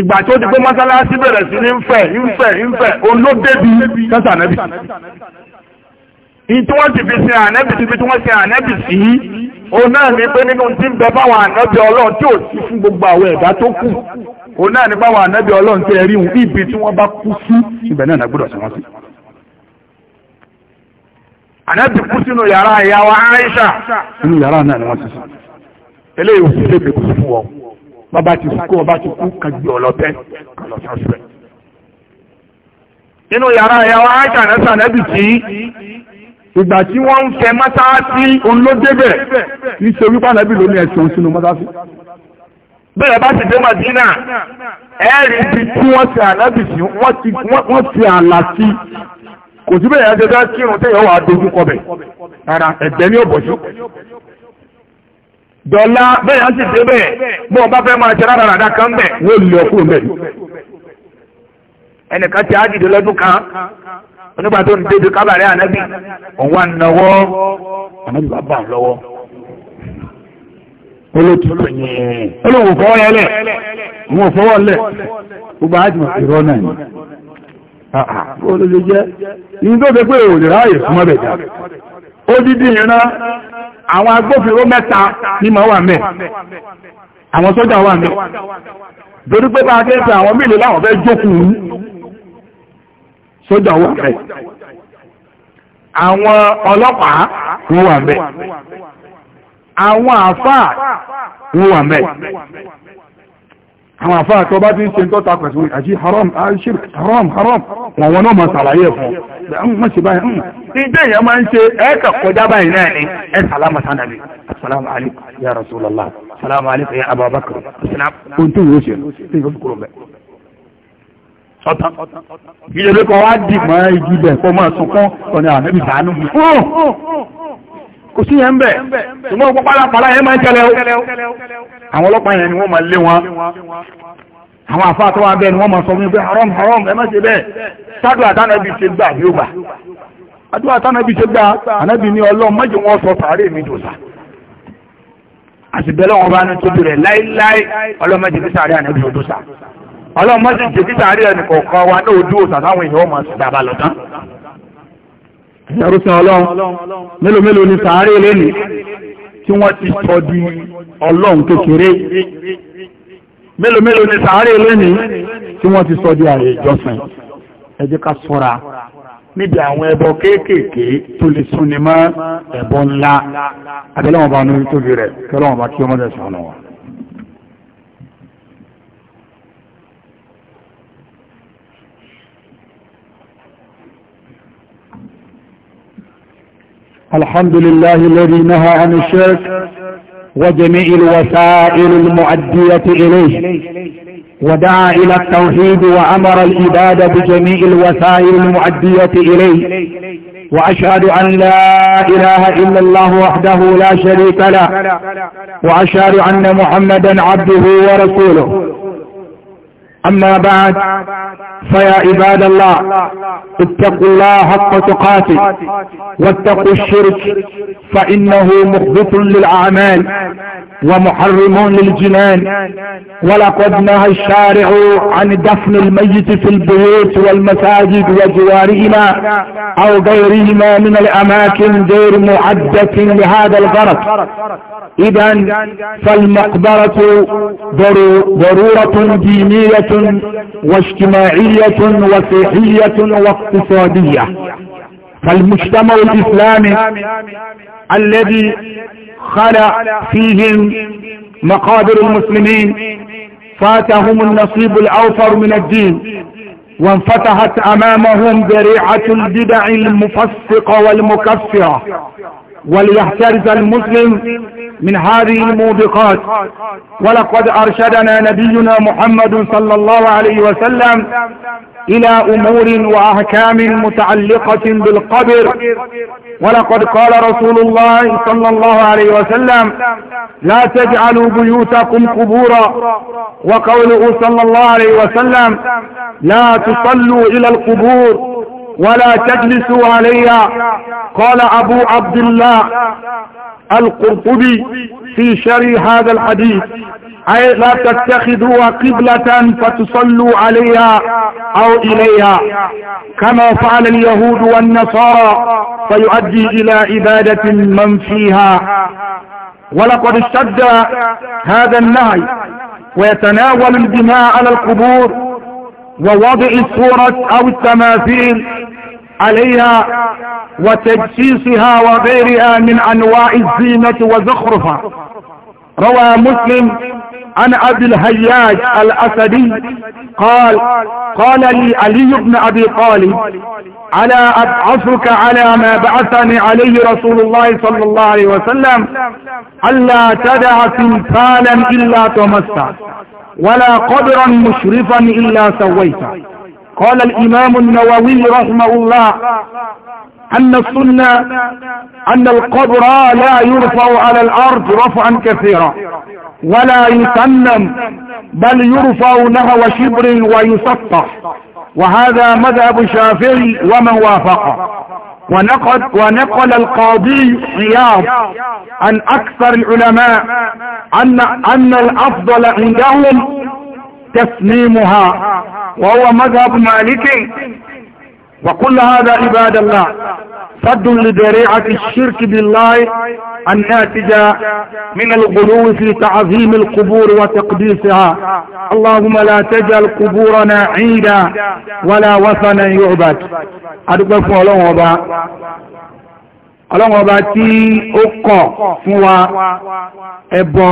ìgbà tó di pé mọ́sálásí bẹ̀rẹ̀ sí ní fẹ̀ ìfẹ̀ ìfẹ̀ olódébi kẹta ànẹ́bì ìtí wọ́n ti fi sin ànẹ́bì síbi tí wọ́n sin ànẹ́bì sí òun náà ní pé nínú tí ń bẹ báwọn ànẹ́bì ọlọ́run tí ò sí fún gbogbo àwọn ẹ̀dá tó kù òun náà ní báwọn ànẹ́bì ọlọ́run tí rí hun ibi tí wọ́n bá kú sí ibẹ̀ náà náà gbọ́dọ̀ sí wọ́n sí. ànẹ́bì kú sínú yàrá ìyá wa nínú yàrá náà ni wọ́n ti sùn eléyìí ò sí lè bàbá ti kú ọba ti kú kàgbé ọlọ́tẹ́ kàlọ́sọ́sọ́ nínú yàrá ìyàwó àìsàn ẹ̀sà lẹ́bì tí ìgbà tí wọ́n ń fẹ́ mọ́sáàsí olódébẹ̀ ní ṣe wípá lẹ́bì ló ní ẹ̀sùn sínú mọ́sáàsí bẹ́ẹ̀ bá ti dé Madina ẹ̀rí ibi tí wọ́n ti àlẹ́bì sí wọ́n ti àlà sí kò sí bẹ́ẹ̀ yẹn jẹ́ kírun tẹ́yọ̀ wà dojú kọbẹ̀ rárá ẹ̀gbẹ́ ní ọ̀bọ̀ sí dọ́lá bẹ́ẹ̀ sì kan bẹ̀ bẹ̀ ẹnìkan ti lọ́dún kan onígbà tó ń débi kábàárẹ̀ ànábì òun wà ànábì bá bà lọ́wọ́ olótùtù yẹn olóhùn fọwọ́ yẹn lẹ̀ òun fọwọ́ lẹ̀ àwọn agbófinró mẹ́ta ní ma wà mẹ́ àwọn sójà wà mẹ́ torí pé bá a kẹ́ẹ̀ẹ́ àwọn mílè láwọn fẹ́ jókòó sójà wà mẹ́ àwọn ọlọ́pàá wọ́n wà mẹ́ àwọn àfáà wọ́n wà mẹ́ àwọn àfáà tó bá ti ń ṣe tó takọ̀ sí àjí haram ṣírk haram haram wọn wọn náà ma sàlàyé fún ọ́n mọ́ sí báyìí ń ìdẹ́ ìyá máa ń ṣe ẹ́ẹ̀kà kọjá báyìí náà ni ẹ́ sàlámà sánà ni assalamu alaikum ya rasulallah assalamu alaikum ya ababakar assalamu ohun tí yóò ṣe tí yóò kúrò bẹ́ẹ̀ kò sí yẹn bẹ̀ ṣùgbọ́n gbogbo pàlàpàlà yẹn máa ń tẹ́lẹ̀ àwọn ọlọ́pàá yẹn ni wọ́n máa lé wọn àwọn àfáà tó wà bẹ́ẹ̀ ni wọ́n máa sọ fún pé haram haram ẹ má ṣe bẹ́ẹ̀ sádù àtànàbí ṣe gbà yóò gbà àdúrà àtànàbí ṣe gbà ànábì ní ọlọ́run mọ́jì wọn sọ sàárè mi dòṣà àti bẹ́ẹ̀ lọ́wọ́ bá ní tóbi rẹ̀ láíláí ní sàárè ànábì ní sàárè ẹnì kọ̀ọ̀kan wa náà dúró sàtàwọn èèyàn ọmọ sì ẹ̀rùsìn ọlọ́run mélòó mélòó ni sàárè lẹ́nìí tí wọ́n ti sọ di ọlọ́run kékeré mélòó mélòó ni sàárè lẹ́nìí tí wọ́n ti sọ di ààrẹ ìjọsìn ẹ jẹ́ ká ṣọ́ra níbi àwọn ẹbọ kéékèèké tó lè súnni mọ́ ẹbọ ńlá abẹ́lẹ́wọ̀n bá ní tóbi rẹ̀ kẹ́lọ́wọ̀n bá kí ọmọdé sọ̀nà wọn الحمد لله الذي نهى عن الشرك وجميع الوسائل المؤدية إليه ودعا إلى التوحيد وأمر العبادة بجميع الوسائل المؤدية إليه وأشهد أن لا إله إلا الله وحده لا شريك له وأشهد أن محمدا عبده ورسوله أما بعد فيا عباد الله اتقوا الله حق تقاته واتقوا الشرك فإنه مخبط للأعمال ومحرم للجنان ولقد نهى الشارع عن دفن الميت في البيوت والمساجد وجوارهما أو غيرهما من الأماكن غير معدة لهذا الغرض إذا فالمقبرة ضرورة دينية واجتماعية وصحية واقتصادية فالمجتمع الإسلامي الذي خلق فيهم مقابر المسلمين فاتهم النصيب الأوفر من الدين وانفتحت أمامهم ذريعة البدع المفسقة والمكفرة وليحترز المسلم من هذه الموبقات ولقد أرشدنا نبينا محمد صلى الله عليه وسلم إلى أمور وأحكام متعلقة بالقبر ولقد قال رسول الله صلى الله عليه وسلم لا تجعلوا بيوتكم قبورا وقوله صلى الله عليه وسلم لا تصلوا إلى القبور ولا تجلسوا عليها قال أبو عبد الله القرطبي في شرح هذا الحديث أي لا تتخذوا قبلة فتصلوا عليها أو إليها كما فعل اليهود والنصارى فيؤدي إلى عبادة من فيها ولقد اشتد هذا النهي ويتناول البناء على القبور ووضع الصورة أو التماثيل عليها وتجسيسها وغيرها من انواع الزينة وزخرفها روى مسلم عن ابي الهياج الاسدي قال قال لي علي بن ابي طالب على ابعثك على ما بعثني عليه رسول الله صلى الله عليه وسلم الا تدع تمثالا الا تمسه ولا قدرا مشرفا الا سويته قال الإمام النووي رحمه الله أن السنة أن القبر لا يرفع على الأرض رفعا كثيرا ولا يتنم بل يرفع نهو شبر ويسطح وهذا مذهب الشافعي ومن وافقه ونقل, ونقل القاضي عياض عن أكثر العلماء أن, أن الأفضل عندهم تسليمها وهو مذهب مالكي وكل هذا عباد الله صد لذريعة الشرك بالله الناتجة من الغلو في تعظيم القبور وتقديسها اللهم لا تجعل قبورنا عيدا ولا وثنا يعبد أدقف الله وبا ọlọ́wọ́ ọba تي ó فوا أبو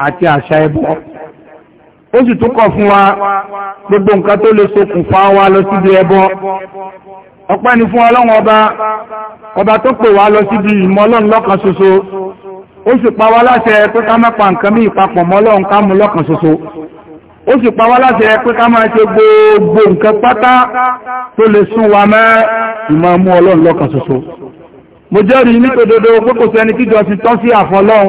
أتي ẹbọ ó sì tún kọ̀ fún wa gbogbo nǹkan tó lè ṣokùnfà wa lọ síbi ẹbọ ọpẹ́ ni fún ọlọ́run ọba ọba tó pè wá lọ síbi ìmọ̀ ọlọ́run lọ́kan ṣoṣo ó sì pa wá láṣẹ pé ká má pa nǹkan bí ìpapọ̀ mọ́ ọlọ́run ká mú lọ́kan ṣoṣo ó sì pa wá láṣẹ pé ká máa ṣe gbogbo nǹkan pátá tó lè sún wa mọ́ ìmọ̀ mú ọlọ́run lọ́kan ṣoṣo mo jẹ́rìí nítododo pé kò sẹ́ni kíjọ ti tọ́ sí àfọlọ́run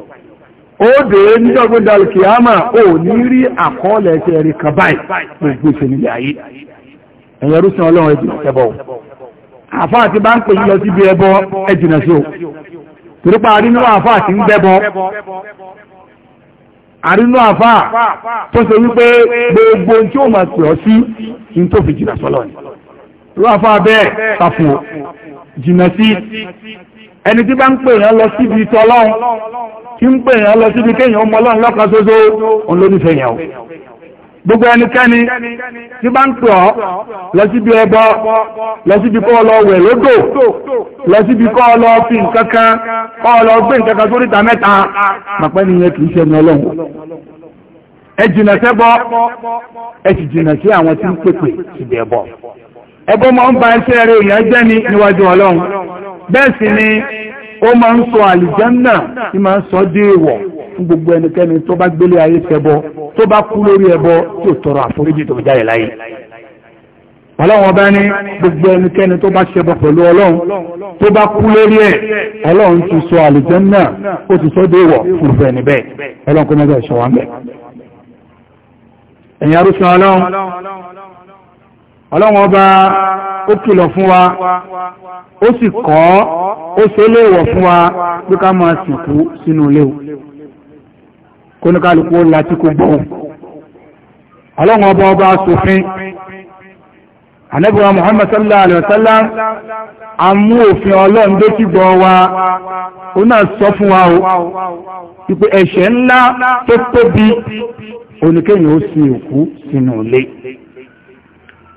ó dé níjọ́gbọ́n dalí kìámà ó ní rí àkọọ́lẹ̀ ẹ̀ṣẹ̀ rí kan báyìí gbogbo ìṣẹ̀lẹ̀ ayé ẹ̀yẹ rúṣin ọlọ́run ẹ̀jìnà ẹbọ àfá àti bá ń pè yí lọ síbi ẹbọ ẹ̀jìnà sí o torípa àrínú àfá àti ń bẹ́bọ àrínú àfá tó ṣe wípé gbogbo tí ó máa pè ọ sí ní tó fi jìnà sọ́lọ́ ni irú àfá bẹ́ẹ̀ tàfù jìnà sí ẹni tí bá ń pè yàn lọ síbi ìtọ́lọ́run tí ń pè yàn lọ síbi kéèyàn ọmọ ọlọ́run lọ́kan ṣoṣo òun ló nífẹ̀ẹ́ yàn o gbogbo ẹnikẹ́ni tí bá ń pè ọ́ lọ síbi ẹbọ lọ síbi kọ́ ọ lọ wẹ̀ lódò lọ síbi kọ́ ọ lọ fi nǹkan kan kọ́ ọ lọ gbé nǹkan kan sóríta mẹ́ta pàpẹ́ nìyẹn kì í ṣe ẹni ọlọ́run ẹ jìnà sẹ́bọ ẹ sì jìnà sí àwọn tí ń pèpè síbi ẹbọ ẹbọ máa ń ba iṣẹ́ rẹ̀ èèyàn jẹ́ ni níwájú ọlọ́run bẹ́ẹ̀ sì ni ó máa ń sọ àlìjánà ní máa ń sọ dé ìwọ̀ fún gbogbo ẹnikẹ́ni tó bá gbélé ayé ṣẹbọ tó bá kú lórí ẹbọ tí ò tọrọ àforíjì tó jáde láyé ọlọ́run bá ní gbogbo ẹnikẹ́ni tó bá ṣẹbọ pẹ̀lú ọlọ́run tó bá kú lórí ẹ̀ ọlọ́run ti sọ àlìjánà ó ti sọ dé ìwọ̀ fún ìfẹ́ níbẹ̀ ọlọ́run kó mẹ́gbẹ̀ ṣọwọ́ ń bẹ̀ ẹ̀yìn arúsùn ọlọ́run ọlọ́run ọba ó kìlọ̀ fún wa ó sì kọ́ ó ṣe léèwọ̀ fún wa pé ká máa sìnkú sínú o kóníkàlùkù ó láti kó gbọ́ ọlọ́run ọba ọba Muhammad sallallahu alaihi wasallam a mú òfin ọlọ́run dé gbọ́ wa ó náà sọ fún wa o ipò ẹ̀ṣẹ̀ ńlá tó tóbi ó sin òkú sínú ilé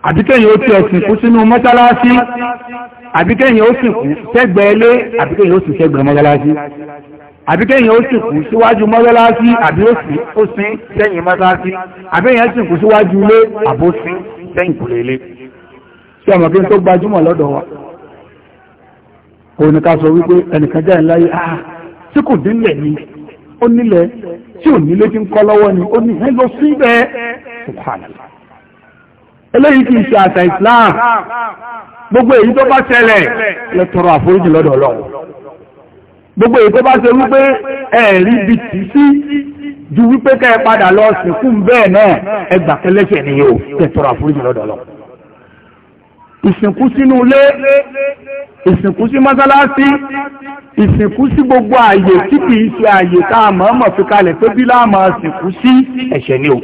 àbíkẹ́yìn ó tí ẹ̀sìn kú sínú mọ́sálásí àbíkẹ́yìn ó sì kú sẹ́gbẹ̀ẹ́ ilé àbíkẹ́yìn ó sì sẹ́gbẹ̀ẹ́ mọ́sálásí àbíkẹ́yìn ó sì kú síwájú mọ́sálásí àbí ó sì ó sín sẹ́yìn mọ́sálásí àbíkẹ́yìn ó sì kú síwájú ilé àbó sín sẹ́yìn kùlé ilé sí ọmọ kí n tó gbajúmọ̀ lọ́dọ̀ wa òun ká sọ wípé ẹnìkan jáde láyé ah tí kò nílẹ̀ ni ó nílẹ̀ tí ò nílé tí ń kọ́ lọ́wọ́ ni ó ní ẹ lọ síbẹ̀ subhanallah eléyìí kìí ṣe àṣà Islam gbogbo èyí tó bá ṣẹlẹ̀ lè tọrọ àforíjì lọ́dọ̀ Ọlọ́run gbogbo èyí tó bá ṣe wípé ẹ̀rí bí tì sí ju wípé kẹ́ ẹ padà lọ sìnkú bẹ́ẹ̀ náà ẹgbà kẹlẹ́ṣẹ̀ ni yóò lè tọrọ àforíjì lọ́dọ̀ Ọlọ́run ìsìnkú sínú ilé ìsìnkú sí mọ́sálásí ìsìnkú sí gbogbo ààyè tí kìí ṣe ààyè tá a mọ̀ọ́mọ̀ fi kalẹ̀ pé bí láàmọ̀ sìnkú sí ẹ̀ṣẹ̀ ni o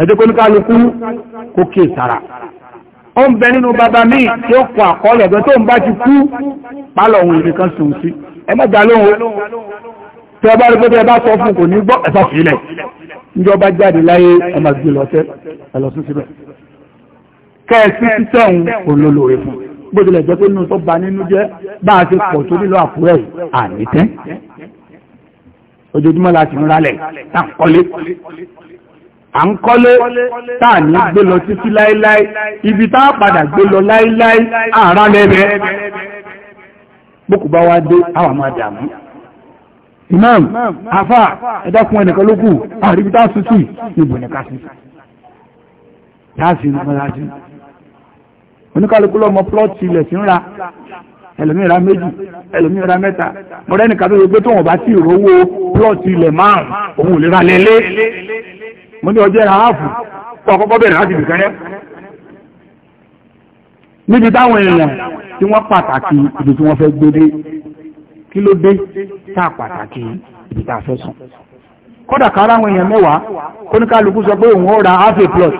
ẹjọ́ pé oníkálukú kó kè sára ó ń bẹ nínú bàbá míì tí ó kọ àkọọ́lẹ̀ ẹ̀gbẹ́ tó ń bá ti kú pálọ̀ ohun ìrìn kan sùn sí ẹ mẹ́ta lóhun tí ọba rí pé tẹ́ bá sọ fún kò ní gbọ́ ẹ̀fà sílẹ̀ níjọba jáde láyé ẹ lọ ba nínú jẹ́ bá a ti pọ̀ tó nílò àkúrẹ́ à ń kọ́lé táà ní gbé lọ títí láíláí ibi táà padà gbé lọ láíláí ààrá lẹ́rẹ́ bókùbá wá dé àwa máa dàmú imam afa ẹ̀dàkùn ẹnìkan ló kù àríbi táà sùn sí ibò nìkan sí táà sí mọ́lájú oníkàlùkù lọ́mọ plọ́ọ̀tì ilẹ̀ sí ń ra ẹlòmí ra méjì ẹlòmí ra mẹ́ta mọ̀rẹ́nìkan tó yẹ pé tó wọ́n bá tí ìrówó plọ́ọ̀tì ilẹ̀ márùn-ún òun ò lè ra lẹ́lé mo ní ọjọ́ ẹ̀rà áàfù kọ́ ọkọ́kọ́ bẹ̀rẹ̀ láti bìkẹ́rẹ́ níbi táwọn èèyàn tí wọ́n pàtàkì ibi tí wọ́n fẹ́ gbédé kí ló dé tá pàtàkì ibi tá fẹ́ sùn kódà kára àwọn èèyàn mẹ́wàá kóníkálukú sọ pé òun ó ra half plus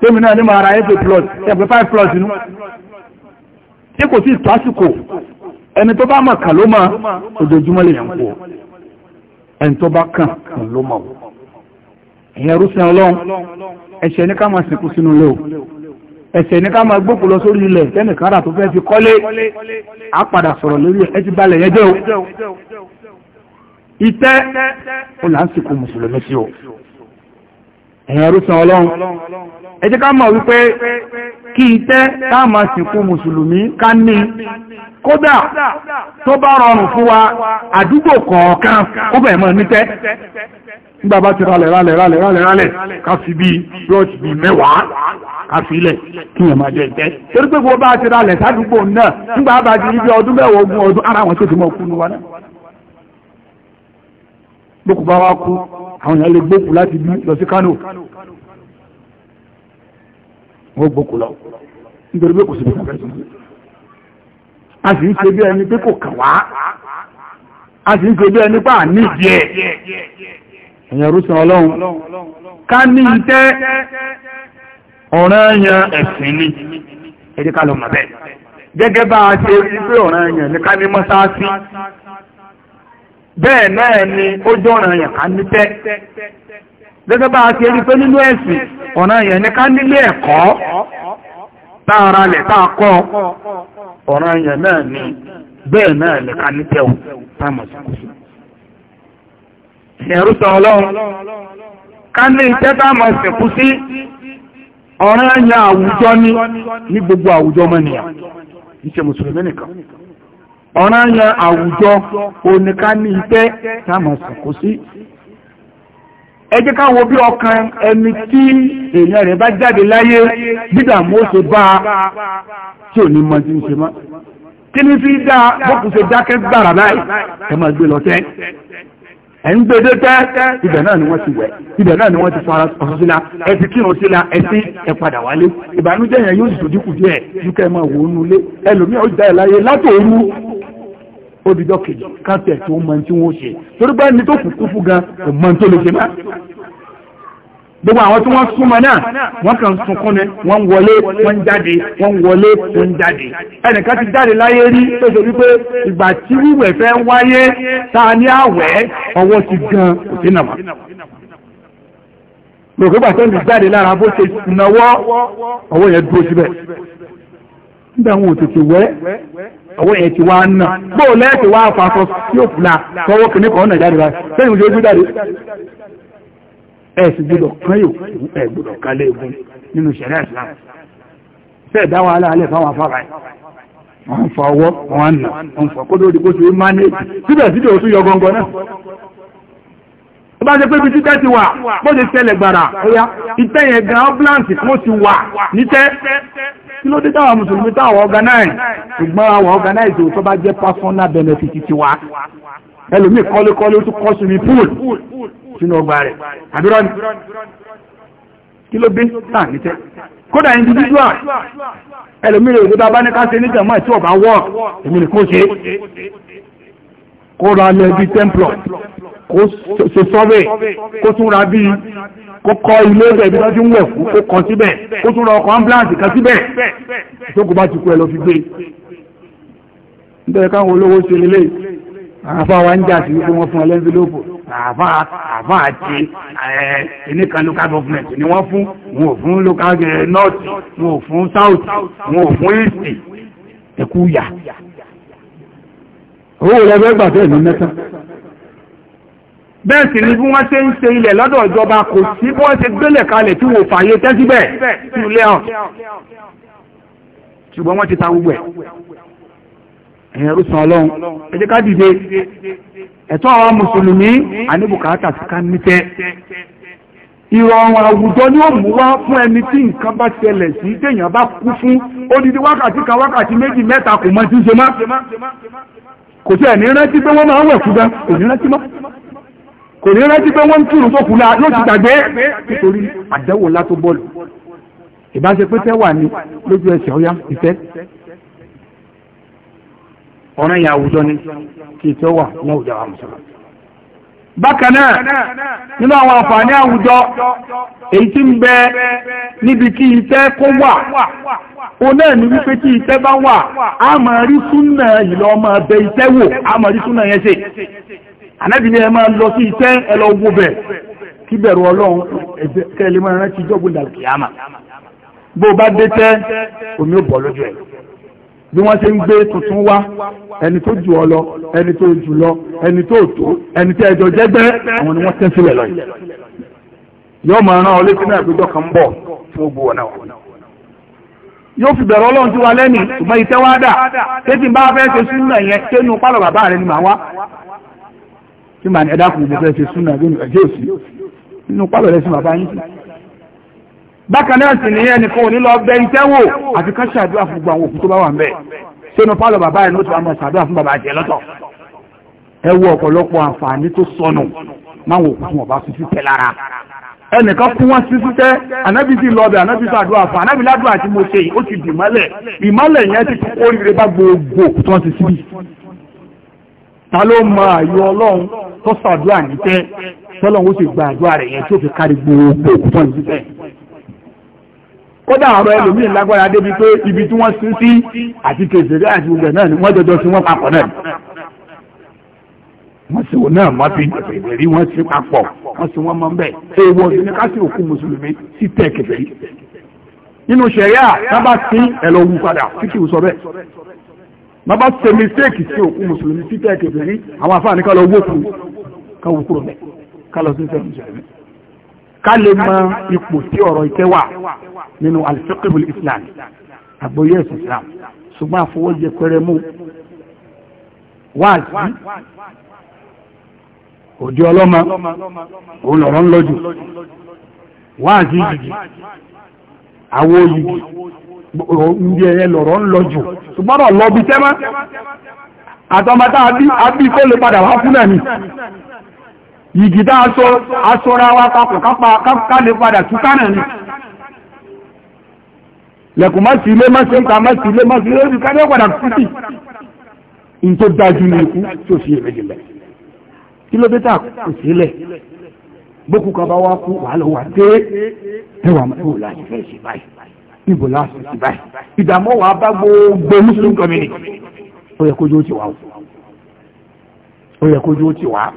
tèmi náà ní máa ra half plus ẹgbẹ́ five plus inú tí kò sí tó àsìkò ẹni tó bá mọ̀ kàn ló mọ̀ ojoojúmọ́ lè yàn kú ẹni tó bá kàn ló mọ̀ wò ìyẹn rúsìn ọlọ́run ẹ̀ṣẹ̀ ní ká máa sìnkú sínú ilé o ẹ̀ṣẹ̀ ní ká máa gbókù lọ sórí ilẹ̀ tẹ́nìkan rà tó fẹ́ fi kọ́lé á padà sọ̀rọ̀ lórí ẹ̀ ti balẹ̀ yẹn jẹ́ o ìtẹ́ ó là ń sìnkú mùsùlùmí sí o ẹ̀yẹn rúsìn ọlọ́run ẹ jẹ́ ká mọ̀ wípé kí ìtẹ́ ká máa sìnkú mùsùlùmí ká ní kódà tó bá rọrùn fún wa àdúgbò kọ̀ọ̀kan ó bẹ̀ mọ́ nítẹ́ nígbà bá ti ralẹ̀ ralẹ̀ ralẹ̀ ralẹ̀ ralẹ̀ ká fi bí brush bí mẹ́wàá ká fi ilẹ̀ kí èèyàn máa jẹ ìtẹ́ torí pé gbogbo bá ti ralẹ̀ sádùúgbò náà nígbà bá ti rí bí ọdún mẹ́wàá ogún ọdún ara wọn tó ti mọ̀ kúnnú wa náà gbókù bá wá kú àwọn èèyàn lè gbókù láti bí lọ sí Kánò wọ́n gbókù lọ nítorí pé kò sí bíkà fẹ́ a sì ń ṣe bí ẹni pé kò kà wá a sì ń ṣe bí ẹni pé à nídìí ẹ̀ ẹ̀yàn rúsùn ọlọ́run ká ní ìtẹ́ ọ̀ràn ẹ̀yàn ẹ̀sìn ni ẹjẹ́ ká lọ mọ̀ bẹ́ẹ̀ gẹ́gẹ́ bá a ṣe rí pé ọ̀ràn ẹ̀yàn ní ká ní mọ́sáàsì bẹ́ẹ̀ náà ni ó jọ ọ̀ràn ẹ̀yàn ká ní tẹ́ gẹ́gẹ́ bá a ṣe rí ní ká nílé ẹ̀kọ́ táàrà lẹ̀ táàkọ́ ni bẹ́ẹ̀ náà ní ká ní tẹ́wọ̀ ẹ̀rùsọ ọlọ́run ká ní iṣẹ́ táàmà sẹ̀kú sí ọ̀rán ẹ̀yà àwùjọ ní ní gbogbo àwùjọ mẹ́nìyàn ìṣẹ́ mùsùlùmí nìkan ọ̀rán ẹ̀yà àwùjọ oníká ní iṣẹ́ táàmà sẹ̀kú sí ẹ jẹ́ ká wo bí ọkàn ẹni tí èèyàn rẹ̀ bá jáde láyé dídàmú ó ṣe bá kí ní fi dá bọ́kù ṣe dákẹ́ gbàrà báyìí ẹ máa gbé lọ tẹ́ ẹ̀ń gbédé tẹ́ ibẹ̀ náà ni wọ́n ti wẹ̀ ibẹ̀ náà ni wọ́n ti fara ọ̀sán síla ẹ ti kírun síla ẹ sí ẹ padà wálé ìbànújẹ́ yẹn yóò sì tó dínkù díẹ̀ dúkẹ́ máa wò ó nulẹ̀ ẹlòmíà ó dáẹ̀ láyé látòru ó dijọ́ kejì káńtẹ̀ tó mọ tí wọ́n ṣe torí bá ẹni tó kù kú fún gan kò mọ tó lè ṣe náà gbogbo àwọn tí wọ́n súnmọ́ náà wọ́n kàn sunkún ni wọ́n wọlé wọ́n jáde wọ́n wọlé wọ́n jáde ẹnìkan ti jáde láyé rí tó ṣe wípé ìgbà tí wíwẹ̀ fẹ́ wáyé ta ní àwẹ̀ ọwọ́ ti gan òsínà wọn lòkúgbà tó ń ti jáde lára bó ṣe náwọ́ ọwọ́ yẹn dúró síbẹ̀ nígbà wọn ò tètè wẹ́ ọwọ́ yẹn ti wá náà bóò lẹ́ẹ̀tì wá afọ afọ sí òfúlà tọwọ́ kìnnìkan ọ̀nà jáde báyìí sẹ́yìn ojú ojú jáde ẹ̀sì gbọ́dọ̀ kan yóò ẹ gbọ́dọ̀ kalẹ̀ egun nínú ṣẹ̀rẹ́ islam fẹ́ dáwà aláàlẹ́ fáwọn afárá ẹ̀ wọ́n fọ ọwọ́ wọn nà wọ́n fọ kó lórí kó ṣe mánéèjì síbẹ̀ síbẹ̀ ó tún yọ gọngọ náà tó bá ṣe pé ibi títẹ́ ti wà bó ṣe ṣẹlẹ̀ gbàrà ọya ìtẹ́ yẹn gan ambulance kó ti wà nítẹ́ kí ló dé táwọn mùsùlùmí táwọn organize ṣùgbọ́n àwọn organize ò tó bá jẹ́ personal benefit ti wa ẹlòmíì kọ́lékọ́lé ó tún kọ́ swimming pool sínú ọgbà rẹ̀ àbírọ́ ni kí ló gbé tà ní tẹ́ kódà individual ẹlòmíràn òkú tá bá ní káṣe ní jẹ̀mọ́ tí ọ̀bá wọ́ èmi nìkan ṣe kó ra lẹ bí templọ kó ṣe sọ́bẹ̀ kó tún ra bí kó kọ ilé rẹ̀ bí lọ́dún wẹ̀ fún kó kọ síbẹ̀ kó tún ra ọkọ̀ ambulance kan síbẹ̀ ìjókòó bá ti kú ẹ lọ fi gbé nítorí káwọn olówó ṣe nílé àwọn afáwa ń jà sí wípé fún ẹlẹ́ńfílópò àfa àfa àti ẹnìkan local government ni wọ́n fún wọn ò fún local north wọn ò fún south wọn ò fún east ẹkú yà owó rẹ̀ bẹ́ẹ̀ gbà bẹ́ẹ̀ ní mẹ́ta bẹ́ẹ̀ sì ni bí wọ́n ṣe ń ṣe ilẹ̀ lọ́dọ̀ ìjọba kò sí bí wọ́n ṣe gbélẹ̀ kalẹ̀ tí wò fàyè tẹ́síbẹ̀ tí ilé hàn ṣùgbọ́n wọ́n ti ta gbogbo ẹ̀ ẹ̀yẹn rúsan ọlọ́run ẹ jẹ́ ká dìde ẹ̀tọ́ àwọn mùsùlùmí àníbùkátà sí ká nítẹ́ ìrọ̀rùn àwùjọ ni ó mú wá fún ẹni tí nǹkan bá ṣẹlẹ̀ sí téèyàn bá kú fún odidi wákàtí kan wákàtí méjì mẹ́ta kò mọ tí ń ṣe má kò sí ẹ̀ní rántí pé wọ́n máa ń wẹ̀ fún gan kò ní rántí mọ́ kò ní rántí pé wọ́n ń túrù tó kùlá yóò ti gbàgbé nítorí àdẹ́wò látó bọ́ọ̀lù ìbáṣepẹ́ tẹ́wà ni lójú ẹsẹ̀ ọ̀yá ìfẹ́ ọ̀ràn yà àwùjọ ni kì í tó wà ní àwùjọ àwọn bákan náà nínú àwọn àǹfààní àwùjọ èyí tí ń bẹ níbi kí iṣẹ́ kó wà o náà ní wípé tí iṣẹ́ bá wà a máa rí súnà ìlọ ọmọ ẹbẹ wò a rí súnà ẹ lọ sí ẹ lọ wo kí dàlùkì àmà bí wọ́n ṣe ń gbé tuntun wá ẹni tó jù ọ lọ ẹni tó jù lọ ẹni tó tó ẹni tí ẹjọ jẹ́gbẹ́ àwọn ni wọ́n tẹ́ sílẹ̀ lọ yìí yóò máa rán ọ létí náà péjọ kan bọ̀ fún gbogbo ọ̀nà yóò fi bẹ̀rẹ̀ ọlọ́run tí wa lẹ́nu ṣùgbọ́n ìtẹ́ wá dà tẹ́tí bá fẹ́ ṣe súnà yẹn kéénu pálọ̀ bàbá rẹ ni màá wá tí màá ní ẹ̀dá kùn ìbò fẹ́ ṣe súnà ẹ̀jẹ̀ òsì nínú pálọ̀ rẹ sí bàbá yín sí bákan náà sì ní ẹnìkan ò ní lọ bẹ iṣẹ́ wò àfi ká ṣàdúrà fún gbogbo àwọn òkú tó bá wà ń bẹ̀ sínú pálọ̀ bàbá ẹ̀ ní ó ti mọ̀ ṣàdúrà fún bàbá àjẹ́ lọ́tọ̀ ẹ wo ọ̀pọ̀lọpọ̀ àǹfààní tó sọnù máwọn òkú tí wọ́n fífi lára ẹnìkan kún sí sí bá gbogbo wọ́n ti ta ló ma àyọ ọlọ́run tó ṣàdúrà tọ́lọ́run ó sì gba àdúrà rẹ̀ yẹn gbogbo wọ́n ti síbẹ̀ kódà ọ̀rọ̀ ẹlòmíì lágbára débi pé ibi tí wọ́n sin sí àti kèsèrè àti gbogbo náà ni wọ́n jọjọ sí wọ́n papọ̀ náà wọ́n sì wọ́n náà wọ́n fi kèsèrè wọ́n sí papọ̀ wọ́n sì wọ́n mọ́ bẹ́ẹ̀ èèwọ̀ ní ká sí òkú mùsùlùmí sí tẹ̀ kèsèrè nínú sẹ̀ríà bábà sí ẹ̀lọ́wù padà títí ò sọ bẹ́ẹ̀ bàbá ṣe mistake sí òkú mùsùlùmí títẹ̀ kèfèrí àwọn afáàní ká lọ wó kú ká kúrò mẹ́ ká sí ìfẹ́ mùsùlùmí ká ipò tí ọ̀rọ̀ ìkẹ́ wà nínú islam àgbóyé ẹ̀sìn islam ṣùgbọ́n àfọwọ́jẹ pẹrẹ mú òdi ọlọ́mọ òun lọ̀rọ̀ ń lọ́jù yìí yìí ẹ̀yẹ lọ̀rọ̀ ń lọ́jù ṣùgbọ́n tẹ́mọ́ kó ìgìdá aṣọ́ra wa papọ̀ káàlẹ̀ padà túkánà ní lẹ̀kùn má sí ilé má sí ìta má sí ilé má sí ilé ó sì ká padà títì in tó dájú ní ikú tí ó sì èrè jìnlẹ̀ kílódítà kò sílẹ̀ bókù kan bá wá kú wàhálà wà dé ẹwà mẹ́wò láti fẹ́ sí báyìí níbo láti sí báyìí ìdààmú wa bá gbogbo muslim community ó yẹ kójú ó ti wá ó yẹ kójú ó ti wá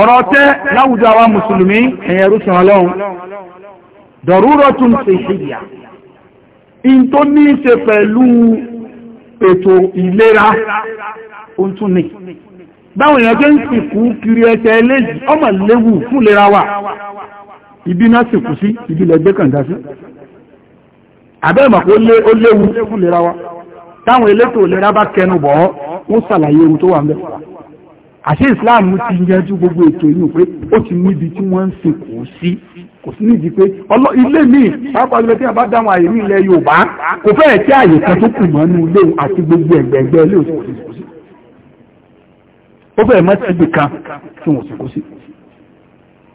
ọ̀rọ̀ tẹ́ láwùjọ àwa mùsùlùmí ẹ̀yẹ rúṣin ọlọ́run dọ̀rúrọ̀ tún ṣe ṣìyà in tó ní ṣe pẹ̀lú ètò ìlera oúntún ni báwọn èèyàn jẹ́ ń sìnkú kiri ẹsẹ̀ eléyìí ọmọ léwu fún lera wa ibi náà sìnkú sí ibi lẹ́gbẹ́ kànga sí àbẹ́ ìmọ̀ pé ó léwu fún lera wà àṣé islam ti yanjú gbogbo ètò inú pé ó ti níbi tí wọ́n ń sìn kò sí kò sí nídìí pé ilé míì pápá ilé tí a bá dáhùn àyè ní ilẹ̀ yorùbá kò fẹ́ẹ̀ tí àyè kan tó kù mọ́nú ilé àti gbogbo ẹ̀gbẹ̀ẹ̀gbẹ́ ilé òsì kò sí kò sí ó fẹ́ẹ̀ mọ́ síbi kan tí wọ́n sì kò sí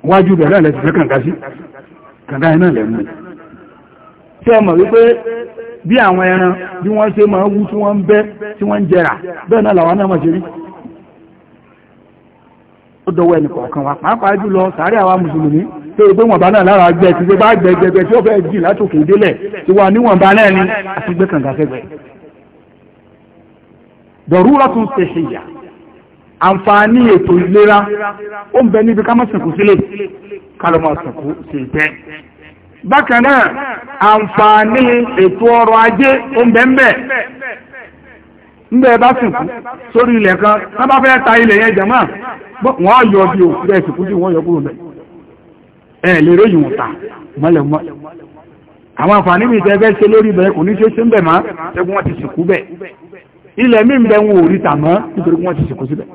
wájú bẹ̀rẹ̀ lẹ́sìn fẹ́ kàǹkà sí kàǹkà iná lẹ́nu tí ẹ wípé bí àwọn ẹran bí wọ́n ṣe máa ń wú tí wọ́n ń bẹ́ tí wọ́n ń jẹrà bẹ́ẹ̀ náà làwọn náà mọ̀ ṣe rí ó dọwọ́ ẹnì kọ̀ọ̀kan wa pàápàá jùlọ sàárẹ̀ àwa mùsùlùmí tó o pé wọ̀nba náà lára gbẹ ti bá gbẹ gbẹgbẹ tí ó fẹ́ jì látòkè délẹ̀ tí wà níwọ̀nba náà ni àti gbé kàǹgà fẹ́gbẹ́. dọ̀rúrọ̀ tún ṣe ṣèyà àǹfààní ètò ìlera ó ń bẹ níbi ká má sìnkú náà àǹfààní ètò ọrọ̀ ńgbẹ́ bá sìnkú sórí ilẹ̀ kan wọ́n bá fẹ́ ta ilẹ̀ yẹn jẹ̀mọ́ wọ́n yọ bí o bẹ́ẹ̀ sìnkú tí wọ́n yọ kúrò bẹ́ẹ̀ ẹ̀ lè róyìn wọ̀ta mọ́lẹ̀ mọ́ àwọn àǹfààní mi tẹ́ fẹ́ ṣe lórí bẹ́ẹ̀ kò ní ṣe ṣe ń bẹ̀ mọ́ ẹgbẹ́ wọn ti sìnkú bẹ́ẹ̀ ilẹ̀ mí bẹ́ẹ̀ wọn ò rí tà mọ́ nítorí wọ́n ti sìnkú síbẹ̀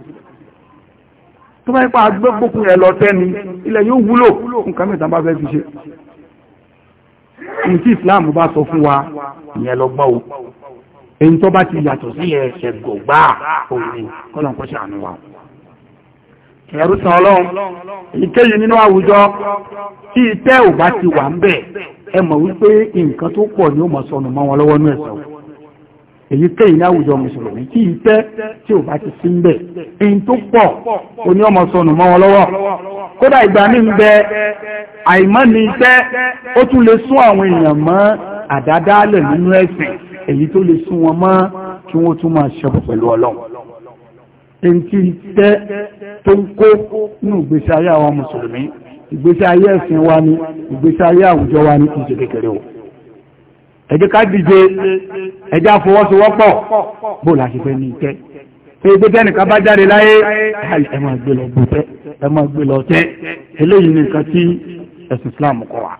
tó bá yípa agbẹ́gbókun ẹ̀ lọ tẹ́ni ilẹ̀ yóò wúlò nǹkan mẹ́ta bá fẹ́ fi ṣe ní tí Islam bá sọ èyí tó bá ti yàtọ̀ sí ẹ̀ṣẹ̀ gògbà òní kọ́lọ̀kọ́ sí àánú wa ẹ̀rú san ọlọ́run èyíkéyìí nínú àwùjọ tí ìtẹ́ ò bá ti wà ń bẹ̀ ẹ mọ̀ wípé nǹkan tó pọ̀ ni ó mọ̀ sọnù mọ́ wọn lọ́wọ́ ní ẹ̀sọ̀ èyí tó lè sún wọn máa kí wọ́n tún máa ṣẹbọ pẹ̀lú ọlọ́run èyí tí tẹ́ tó ń kó nínú ìgbésí ayé àwọn mùsùlùmí ìgbésí ayé ẹ̀sìn wa ni ìgbésí ayé àwùjọ wa ni kìí ṣe kékeré o ẹ jẹ́ ká dìde ẹ jẹ́ àfọwọ́sowọ́pọ̀ bó la fẹ́ ní ìtẹ́ pé tẹ́nìkan bá jáde láyé ẹ gbé lọ tẹ́ eléyìí nìkan tí ẹ̀sìn Islam kọ́ wa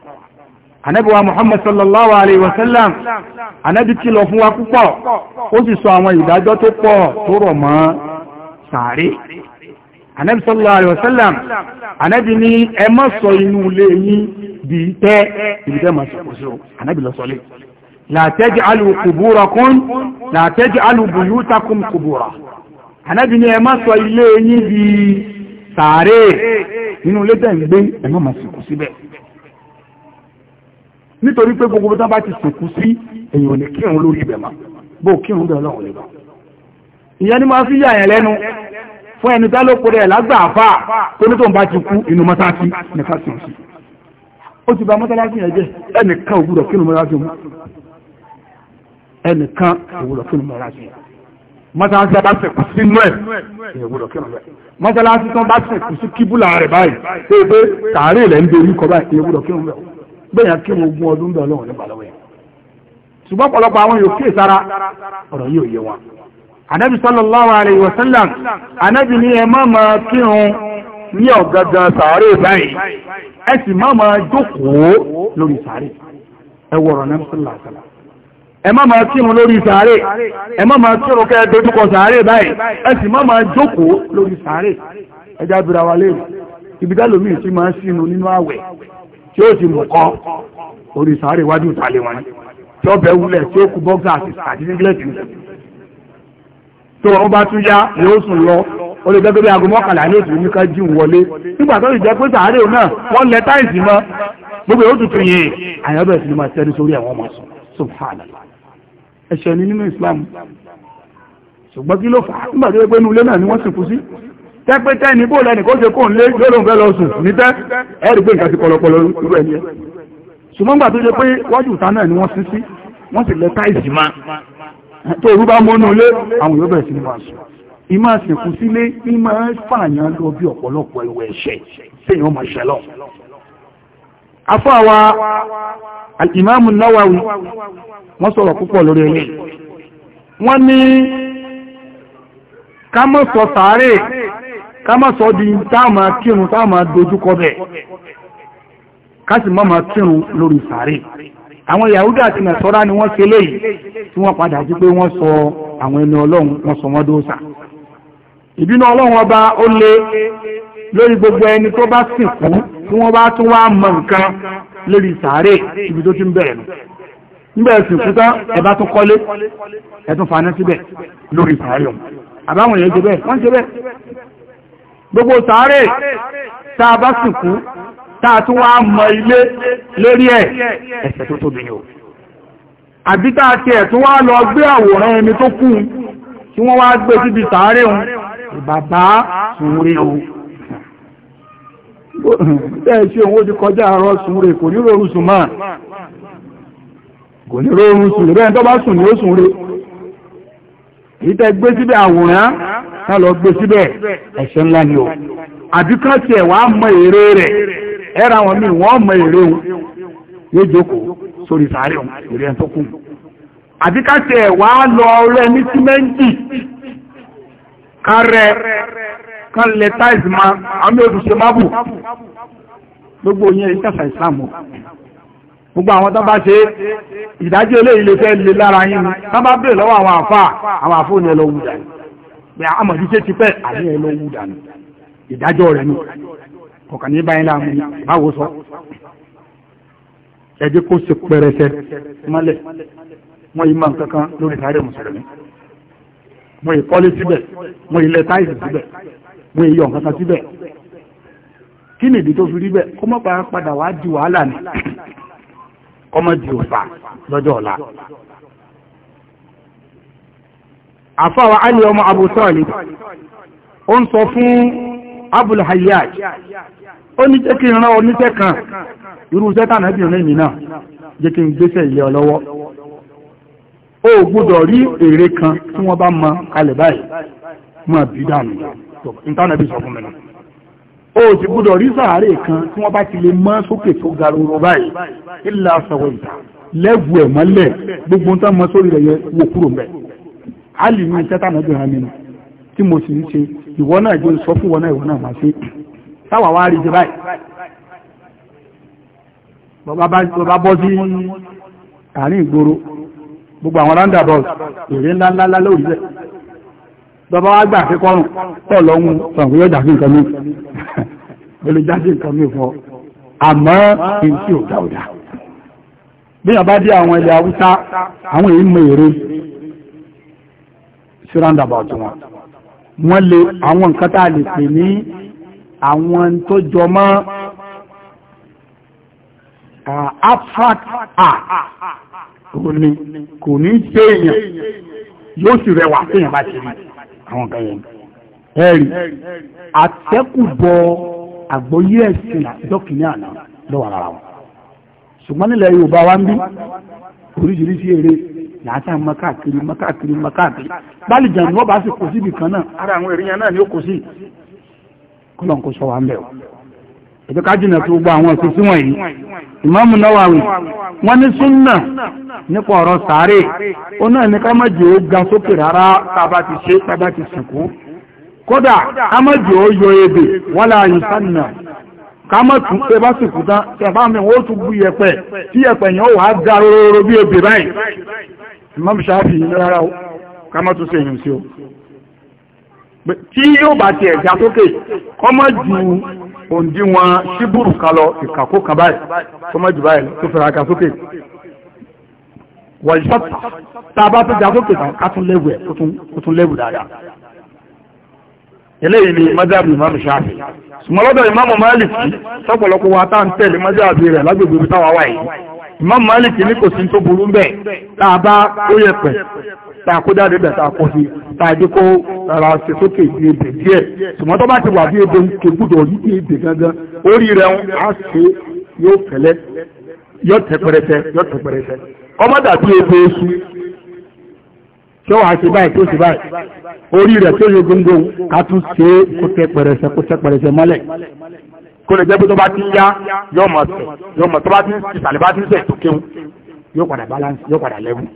anabiwa muhammad sallallahu alaihi wasallam anabi ti lọ fún wa púpọ̀ ó sì sọ àwọn ìdájọ́ tó pọ̀ tó rọ̀ mọ́ sàárè anabi sallallahu alaihi wasallam anabi ni ẹ má sọ inú ilé yín bí tẹ́ ibi tẹ́ máa sọ̀kọ̀ sí o anabi lọ sọlé la taj'alu quburakum la taj'alu buyutakum qubura nítorí pé gbogbo tó bá ti sìnkú sí èyàn ní kírun lórí ibẹ̀ máa bó kírun bẹ̀rẹ̀ lọ́wọ́ lè bá ìyẹn ni máa fi yà yẹn lẹ́nu fún ẹni tá ló kórè lágbàáfà tó ní tó ń bá ti kú inú mọ́sáàtì nìkan sí òsì ó ti ba mọ́sálásí yẹn jẹ́ ẹnìkan òwúrọ̀ kínú mọ́sálásí mú ẹnìkan òwúrọ̀ kínú mọ́sálásí yẹn mọ́sálásí bá sẹ̀kù sínú ẹ̀ ìwúrọ̀ kínú rẹ̀ mọ́sálásí tán bá sẹ̀kù sí kíbùlà rẹ̀ báyìí pé pé tààrí ilẹ̀ ń dorí kọ báyìí ìwúrọ̀ kínú rẹ̀ bẹ́yàn kí mo gún ọdún bẹ́ẹ̀ ọlọ́run nípa lọ́wọ́ yẹn ṣùgbọ́n ọ̀pọ̀lọpọ̀ àwọn yóò kíyè sára ọ̀rọ̀ yóò yé wọn. anabi sallallahu alayhi wa sallam anabi ni ẹ má máa kírun ní ọ̀gángan sàárè báyìí ẹ sì má máa jókòó lórí sàárè ẹ wọ̀rọ̀ náà sallallahu alayhi wa sallam ẹ má máa kírun lórí sàárè ẹ má máa kírun kẹ́ ẹ dojúkọ sàárè báyìí ẹ sì má máa jókòó lórí sàárè ẹjá bìrà wa léèrè ibi dálómi ti máa sínú nínú àwẹ̀ tí ó ti mú kọ́ orí sàárè iwájú ìtàlẹ̀ wọn tí ó bẹ̀ wúlẹ̀ tí ó kú bọ́ksà àti sígílẹ̀tì tó wọn bá tún yá ni ó sùn lọ ó lè gẹ́gẹ́ bí aago mọ́kànlá ní òtún níka jí wọlé nígbà tó ìjẹ́ pé sàárè náà wọ́n lẹ táìsì mọ́ gbogbo yóò tuntun yìí àyàn bẹ̀rẹ̀ sí ni máa tẹ́lẹ̀ sórí àwọn ọmọ sùn subhanallah ẹ̀ṣẹ̀ ni nínú Islam ṣùgbọ́n kí ló fà á nígbà tó yẹ pé inú ilé náà ni wọ́n sìnkú sí tẹ́pẹ́tẹ́ ní bó lẹ́nì kó ṣe kó ń lé lóòrùn fẹ́ lọ sùn nítẹ́ ẹ̀rí pé nǹkan ti pọ̀lọpọ̀lọ irú ẹni ẹ̀ ṣùgbọ́n gbà tó ṣe pé wájú ìta náà ni wọ́n sí sí wọ́n sì lẹ táìsì máa tó orú bá mọ́nú ilé àwọn yóò bẹ̀rẹ̀ sí ní máa sùn ìmá sìnkú sílé ìmá fààyàn lọ bí ọ̀pọ̀lọpọ̀ ìwẹ̀ ẹ̀ṣẹ̀ sẹ́yìn ọmọ ṣẹ lọ afọ́wà al-Imam Nawawi wọ́n sọ̀rọ̀ púpọ̀ lórí ẹni wọ́n ní ká mọ́ sọ sàárè Kama má sọ di táàmà kírun táàmà dojúkọ bẹ̀ ká sì má má kírun lórí sàárè àwọn Yahudi àti nàṣọ́rá ni wọ́n ṣe léyìí tí wọ́n padà jí pé wọ́n sọ àwọn ẹni ọlọ́run wọ́n sọ wọ́n dóòsà ìbínú ọlọ́run ọba ó lé lórí gbogbo ẹni tó bá sìnkú tí wọ́n bá tún wá mọ nǹkan lórí sàárè ibi tó ti ń bẹ̀rẹ̀ nù níbẹ̀ sìnkú tán ẹ̀bá tún kọ́lé ẹ̀tún faná síbẹ̀ lórí sàárè ọ̀hún àbáwọn èèyàn ṣe bẹ́ẹ̀ wọ́n ṣe bẹ́ẹ̀ gbogbo sàárè tá a bá sìnkú tá a tún wá mọ ilé lérí ẹ̀ ẹ̀ṣẹ̀ tó tóbi ni o àbí tá a tiẹ̀ tún wá lọ gbé àwòrán ẹni tó kú tí wọ́n wá gbé síbi sàárè òun ìbàbá sùúrè o bẹ́ẹ̀ ṣe òun ó ti kọjá àárọ̀ èyí tẹ́ gbé síbẹ̀ àwòrán tá lọ gbé síbẹ̀ ńlá ni o àbíkọ́sí mọ èrè rẹ̀ ẹ̀rọ wọ́n mọ èrè wọn yóò jókòó sórí sàárẹ̀ wọn èrè ẹ̀ tó kù àbíkọ́sí ẹ̀ lọ rẹ ní símẹ́ǹtì kárẹ̀ kánlẹ̀ táìsì ma àmì mábù gbogbo yẹn gbogbo àwọn tán bá ṣe ìdájọ́ ilé ilé fẹ́ lè lára yín ni tán bá bèèrè lọ́wọ́ àwọn àfáà àwọn àfóò ní ẹlọ́wù dànù pé àmọ̀jú ṣe ti pẹ́ àní ẹlọ́wù dànù ìdájọ́ rẹ̀ nù kọ̀kà ní báyìí láàmú báwo sọ ẹjẹ́ kó ṣe pẹrẹsẹ mọ́lẹ̀ wọ́n yí máa kankan lórí sáré mùsùlùmí wọ́n yí pọ́lí síbẹ̀ wọ́n yí lẹ́táìsì síbẹ̀ wọ́n yí yọ̀ kankan síbẹ̀ kí nìdí tó fi rí bẹ́ẹ̀ kó mọ́ padà wá di wàhálà ni kọ́mọ di òfà lọ́jọ́ ọ̀la. àfáwà á ní ọmọ Abu Talib ó ń sọ fún Abul Hayyaj ó ní jẹ́ kí n rán oníṣẹ́ kan irú iṣẹ́ tànà bí ọ̀rẹ́ mi náà jẹ́ kí n gbéṣẹ́ ilé ọlọ́wọ́ ó gbọ́dọ̀ rí èrè kan tí wọ́n bá mọ kalẹ̀ báyìí mọ̀ bí dànù ìtànà ó ti gbúdọ̀ rí sàárè kan tí wọ́n bá ti lè mọ́ sókè tó ga rọrọ báyìí ilà sọ̀wọ̀ ìta lẹ́gbù ẹ̀ mọ́lẹ̀ gbogbo tán mọ́ sórí rẹ̀ yẹ wò kúrò mẹ́ alì ní iṣẹ́ tánà bí hàmì tí mo sì ń ṣe ìwọ náà jẹ́ sọ fún wọn ìwọ náà máa ṣe táwa wá rí jẹ báyìí bàbá bọ́ sí àárín ìgboro gbogbo àwọn roundabouts èrè ńláńlá lórí rẹ̀ bàbá wa gbà fi kọrùn pọ̀ lọ́hun sọ̀rọ̀ yóò jásí nǹkan mìí ó lè jásí nǹkan mìí fọ́ àmọ́ in tí ò dáúdá bí a bá dé àwọn ilẹ̀ haúsá àwọn èyí mọ èrè surroundabout wọn wọ́n lè àwọn nǹkan tá a lè pè ní àwọn tó jọ mọ́ abstract art kò ní kò ní ṣe èèyàn yóò sì rẹwà téèyàn bá ṣe rí àwọn kan yẹn ẹ̀rí àtẹ́kùbọ̀ àgbóyé ẹ̀sìn àjọkìní àná lọ́wọ́ ara wọn ṣùgbọ́n nílẹ̀ Yorùbá wa ń bí oríṣiríṣi eré làátà mọ́kàkiri mọ́kàkiri mọ́kàkiri bálìjà ni wọ́n bá sì kò síbi kan náà ara àwọn èèyàn náà ni ó kò sí kọ́lọ̀ ń kó sọ wa ń bẹ̀ o ẹ̀jẹ̀ ká jìnà tó gbọ́ àwọn ìṣesí wọ̀nyí ìmáàmù náwàwì wọ́n ní súnnà nípa ọ̀rọ̀ sàárè ó náà ní ká má jẹ́ ó ga sókè rárá tàbá ti ṣe tàbá ti sìnkú kódà ká má jẹ́ ó yọ ebè wọ́lá àyùsánà ká má tún pé bá sìnkú tán tẹ̀bá mi ó tún bú yẹpẹ̀ tí yẹpẹ̀ yẹn ó wà á bí ebè báyìí ìmáàmù Ṣáfì rárá ká má sí èyàn sí o tí yóò bá ti ẹ̀já sókè kọ́ òǹdíwọ̀n ṣíbùrù kan lọ ìkàkó kan báyìí tó mọ́ jù báyìí tó fẹ́ra kan sókè wọ̀nyí sọ́tà tá a bá tó jà sókè tán ká tún léwu ẹ̀ tó tún léwu dáadáa eléyìí ni mazhab imam shafi sumalodo imam malik sọpọlọpọ wa tá n tẹ̀lé mazhab rẹ̀ lágbègbè ibi táwa wà yìí imam malik ní kò sí tó burú bẹ́ẹ̀ tá a bá ó yẹ pẹ tá a kó jáde bẹ̀ tá a kọ́ sí tá a dé kó ara ṣe sókè bí ebè díẹ̀ ṣùgbọ́n tó bá ti wà bí ebè ń ké gbúdọ̀ yí bí ebè gangan orí rẹ̀ ń á ṣe yóò fẹ́lẹ́ yóò tẹ̀ pẹrẹsẹ yóò tẹ̀ pẹrẹsẹ ọmọ dàbí ebè esu tí ó wà á ṣe báyìí tí ó ṣe báyìí orí rẹ̀ tó yẹ gbogbo ká tún ṣe kó tẹ̀ pẹrẹsẹ kó tẹ̀ pẹrẹsẹ mọ́lẹ̀ kó lè jẹ́ pé tó bá ti ń yá yóò ti ń sàlẹ̀ ti ń sẹ̀ tó kéwù yóò balance yóò padà level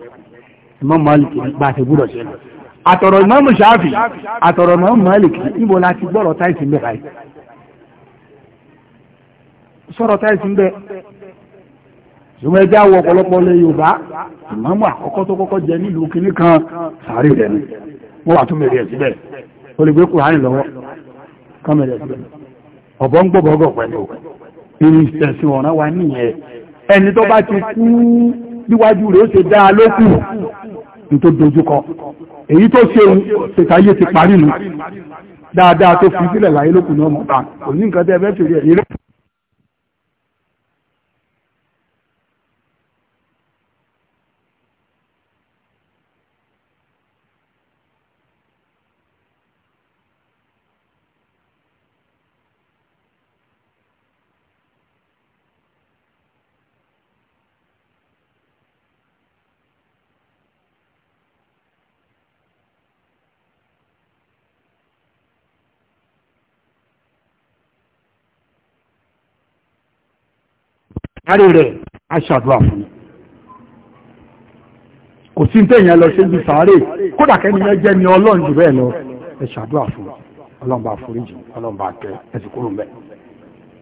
Imam Malik bá ti gbúdọ̀ ṣe àtọ̀rọ̀ Imam Shafi àtọ̀rọ̀ Imam Malik níbo la ti gbọ́rọ̀ táìsì ń bẹ̀ báyìí sọ̀rọ̀ táìsì ń bẹ̀ ṣùgbọ́n ẹjẹ́ àwọ̀ ọ̀pọ̀lọpọ̀ lè Yorùbá ìmọ̀mù àkọ́kọ́ tó kọ́kọ́ jẹ nílùú kìíní kan sàárè rẹ̀ ni wọ́n wà tún mèrè síbẹ̀ ó lè gbé Kùránì lọ́wọ́ kán mèrè síbẹ̀ ọ̀bọ̀ ń gbọ́bọ̀ ọgọ̀ pẹ̀lú irin ìṣẹ̀sìn wa nìyẹn ẹni tó bá ti kú níwájú rẹ̀ ó ṣe dá a lókù ní tó dojúkọ èyí tó ṣe ṣètàyé ti parí nu dáadáa tó fi sílẹ̀ láyé lókù ní ọmọ bá kò ní nǹkan tẹ́ fẹ́ ṣe rí ẹ̀yìn rẹ̀ parí rẹ̀ a kò sí tẹ̀yìn lọ síbi sàárè kódà kẹ́ni yẹn jẹ́ ni ọlọ́run jù bẹ́ẹ̀ lọ ẹṣàdúrà ọlọ́run bá foríjì ọlọ́run bá tẹ ẹsìn kúrò mẹ́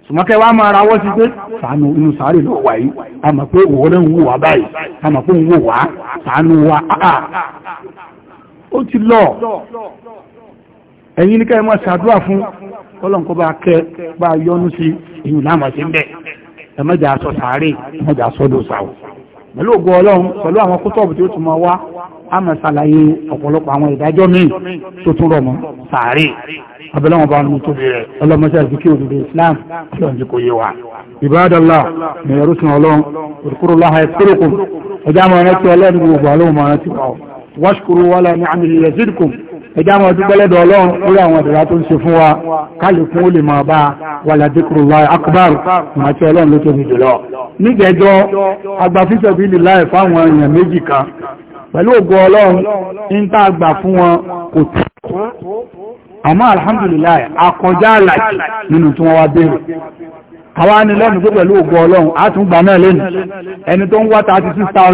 sùmọ́kẹ́ wa máa sí pé sànù inú sàárè lọ wà yìí a mọ̀ pé òun lè ń wò wá báyìí wa áà ó ti lọ ẹ̀yin ní ẹ máa fún ọlọ́run kó bá kẹ bá ẹ̀mẹ́jà aṣọ sàárè ẹ̀mẹ́jà aṣọ lóṣàwò pẹ̀lú ògbó ọlọ́run pẹ̀lú àwọn kútọ́ọ̀bù tí ó tún mọ wá a mọ̀ ṣàlàyé ọ̀pọ̀lọpọ̀ àwọn ìdájọ́ míì tó tún rọ̀ mọ́ sàárè abẹ́lẹ́wọ̀n bá mú tóbi rẹ̀ ọlọ́mọṣẹ́ ìfikí òdòdó Islam tí ó ń jí kò yé wa. ìbádọ́lá ní sin ọlọ́run òkúrò láha ẹ̀kúrò kù ẹ̀dá mọ̀ ẹ̀rẹ́ ọlọ́run gbogbo àlọ́ ẹjá wọn dúpẹ́ lọ́dọ̀ ọlọ́run lórí àwọn ìdàrà tó ń ṣe fún wa kálùkún ó lè máa bá wàlà díkùrùláì akbar àti ọlọ́run ló tóbi jùlọ nígbẹ̀jọ́ agbàfíṣẹ́ bí lè láì fáwọn èèyàn méjì kan pẹ̀lú ògo ọlọ́run ń tá àgbà fún wọn kò tí àmọ́ alhamdulillah akọjá àlàjì nínú tí wọ́n wá bèèrè àwa ni tó pẹ̀lú ògo ọlọ́run á tún gbà náà lẹ́nu ẹni tó ń wá 36,000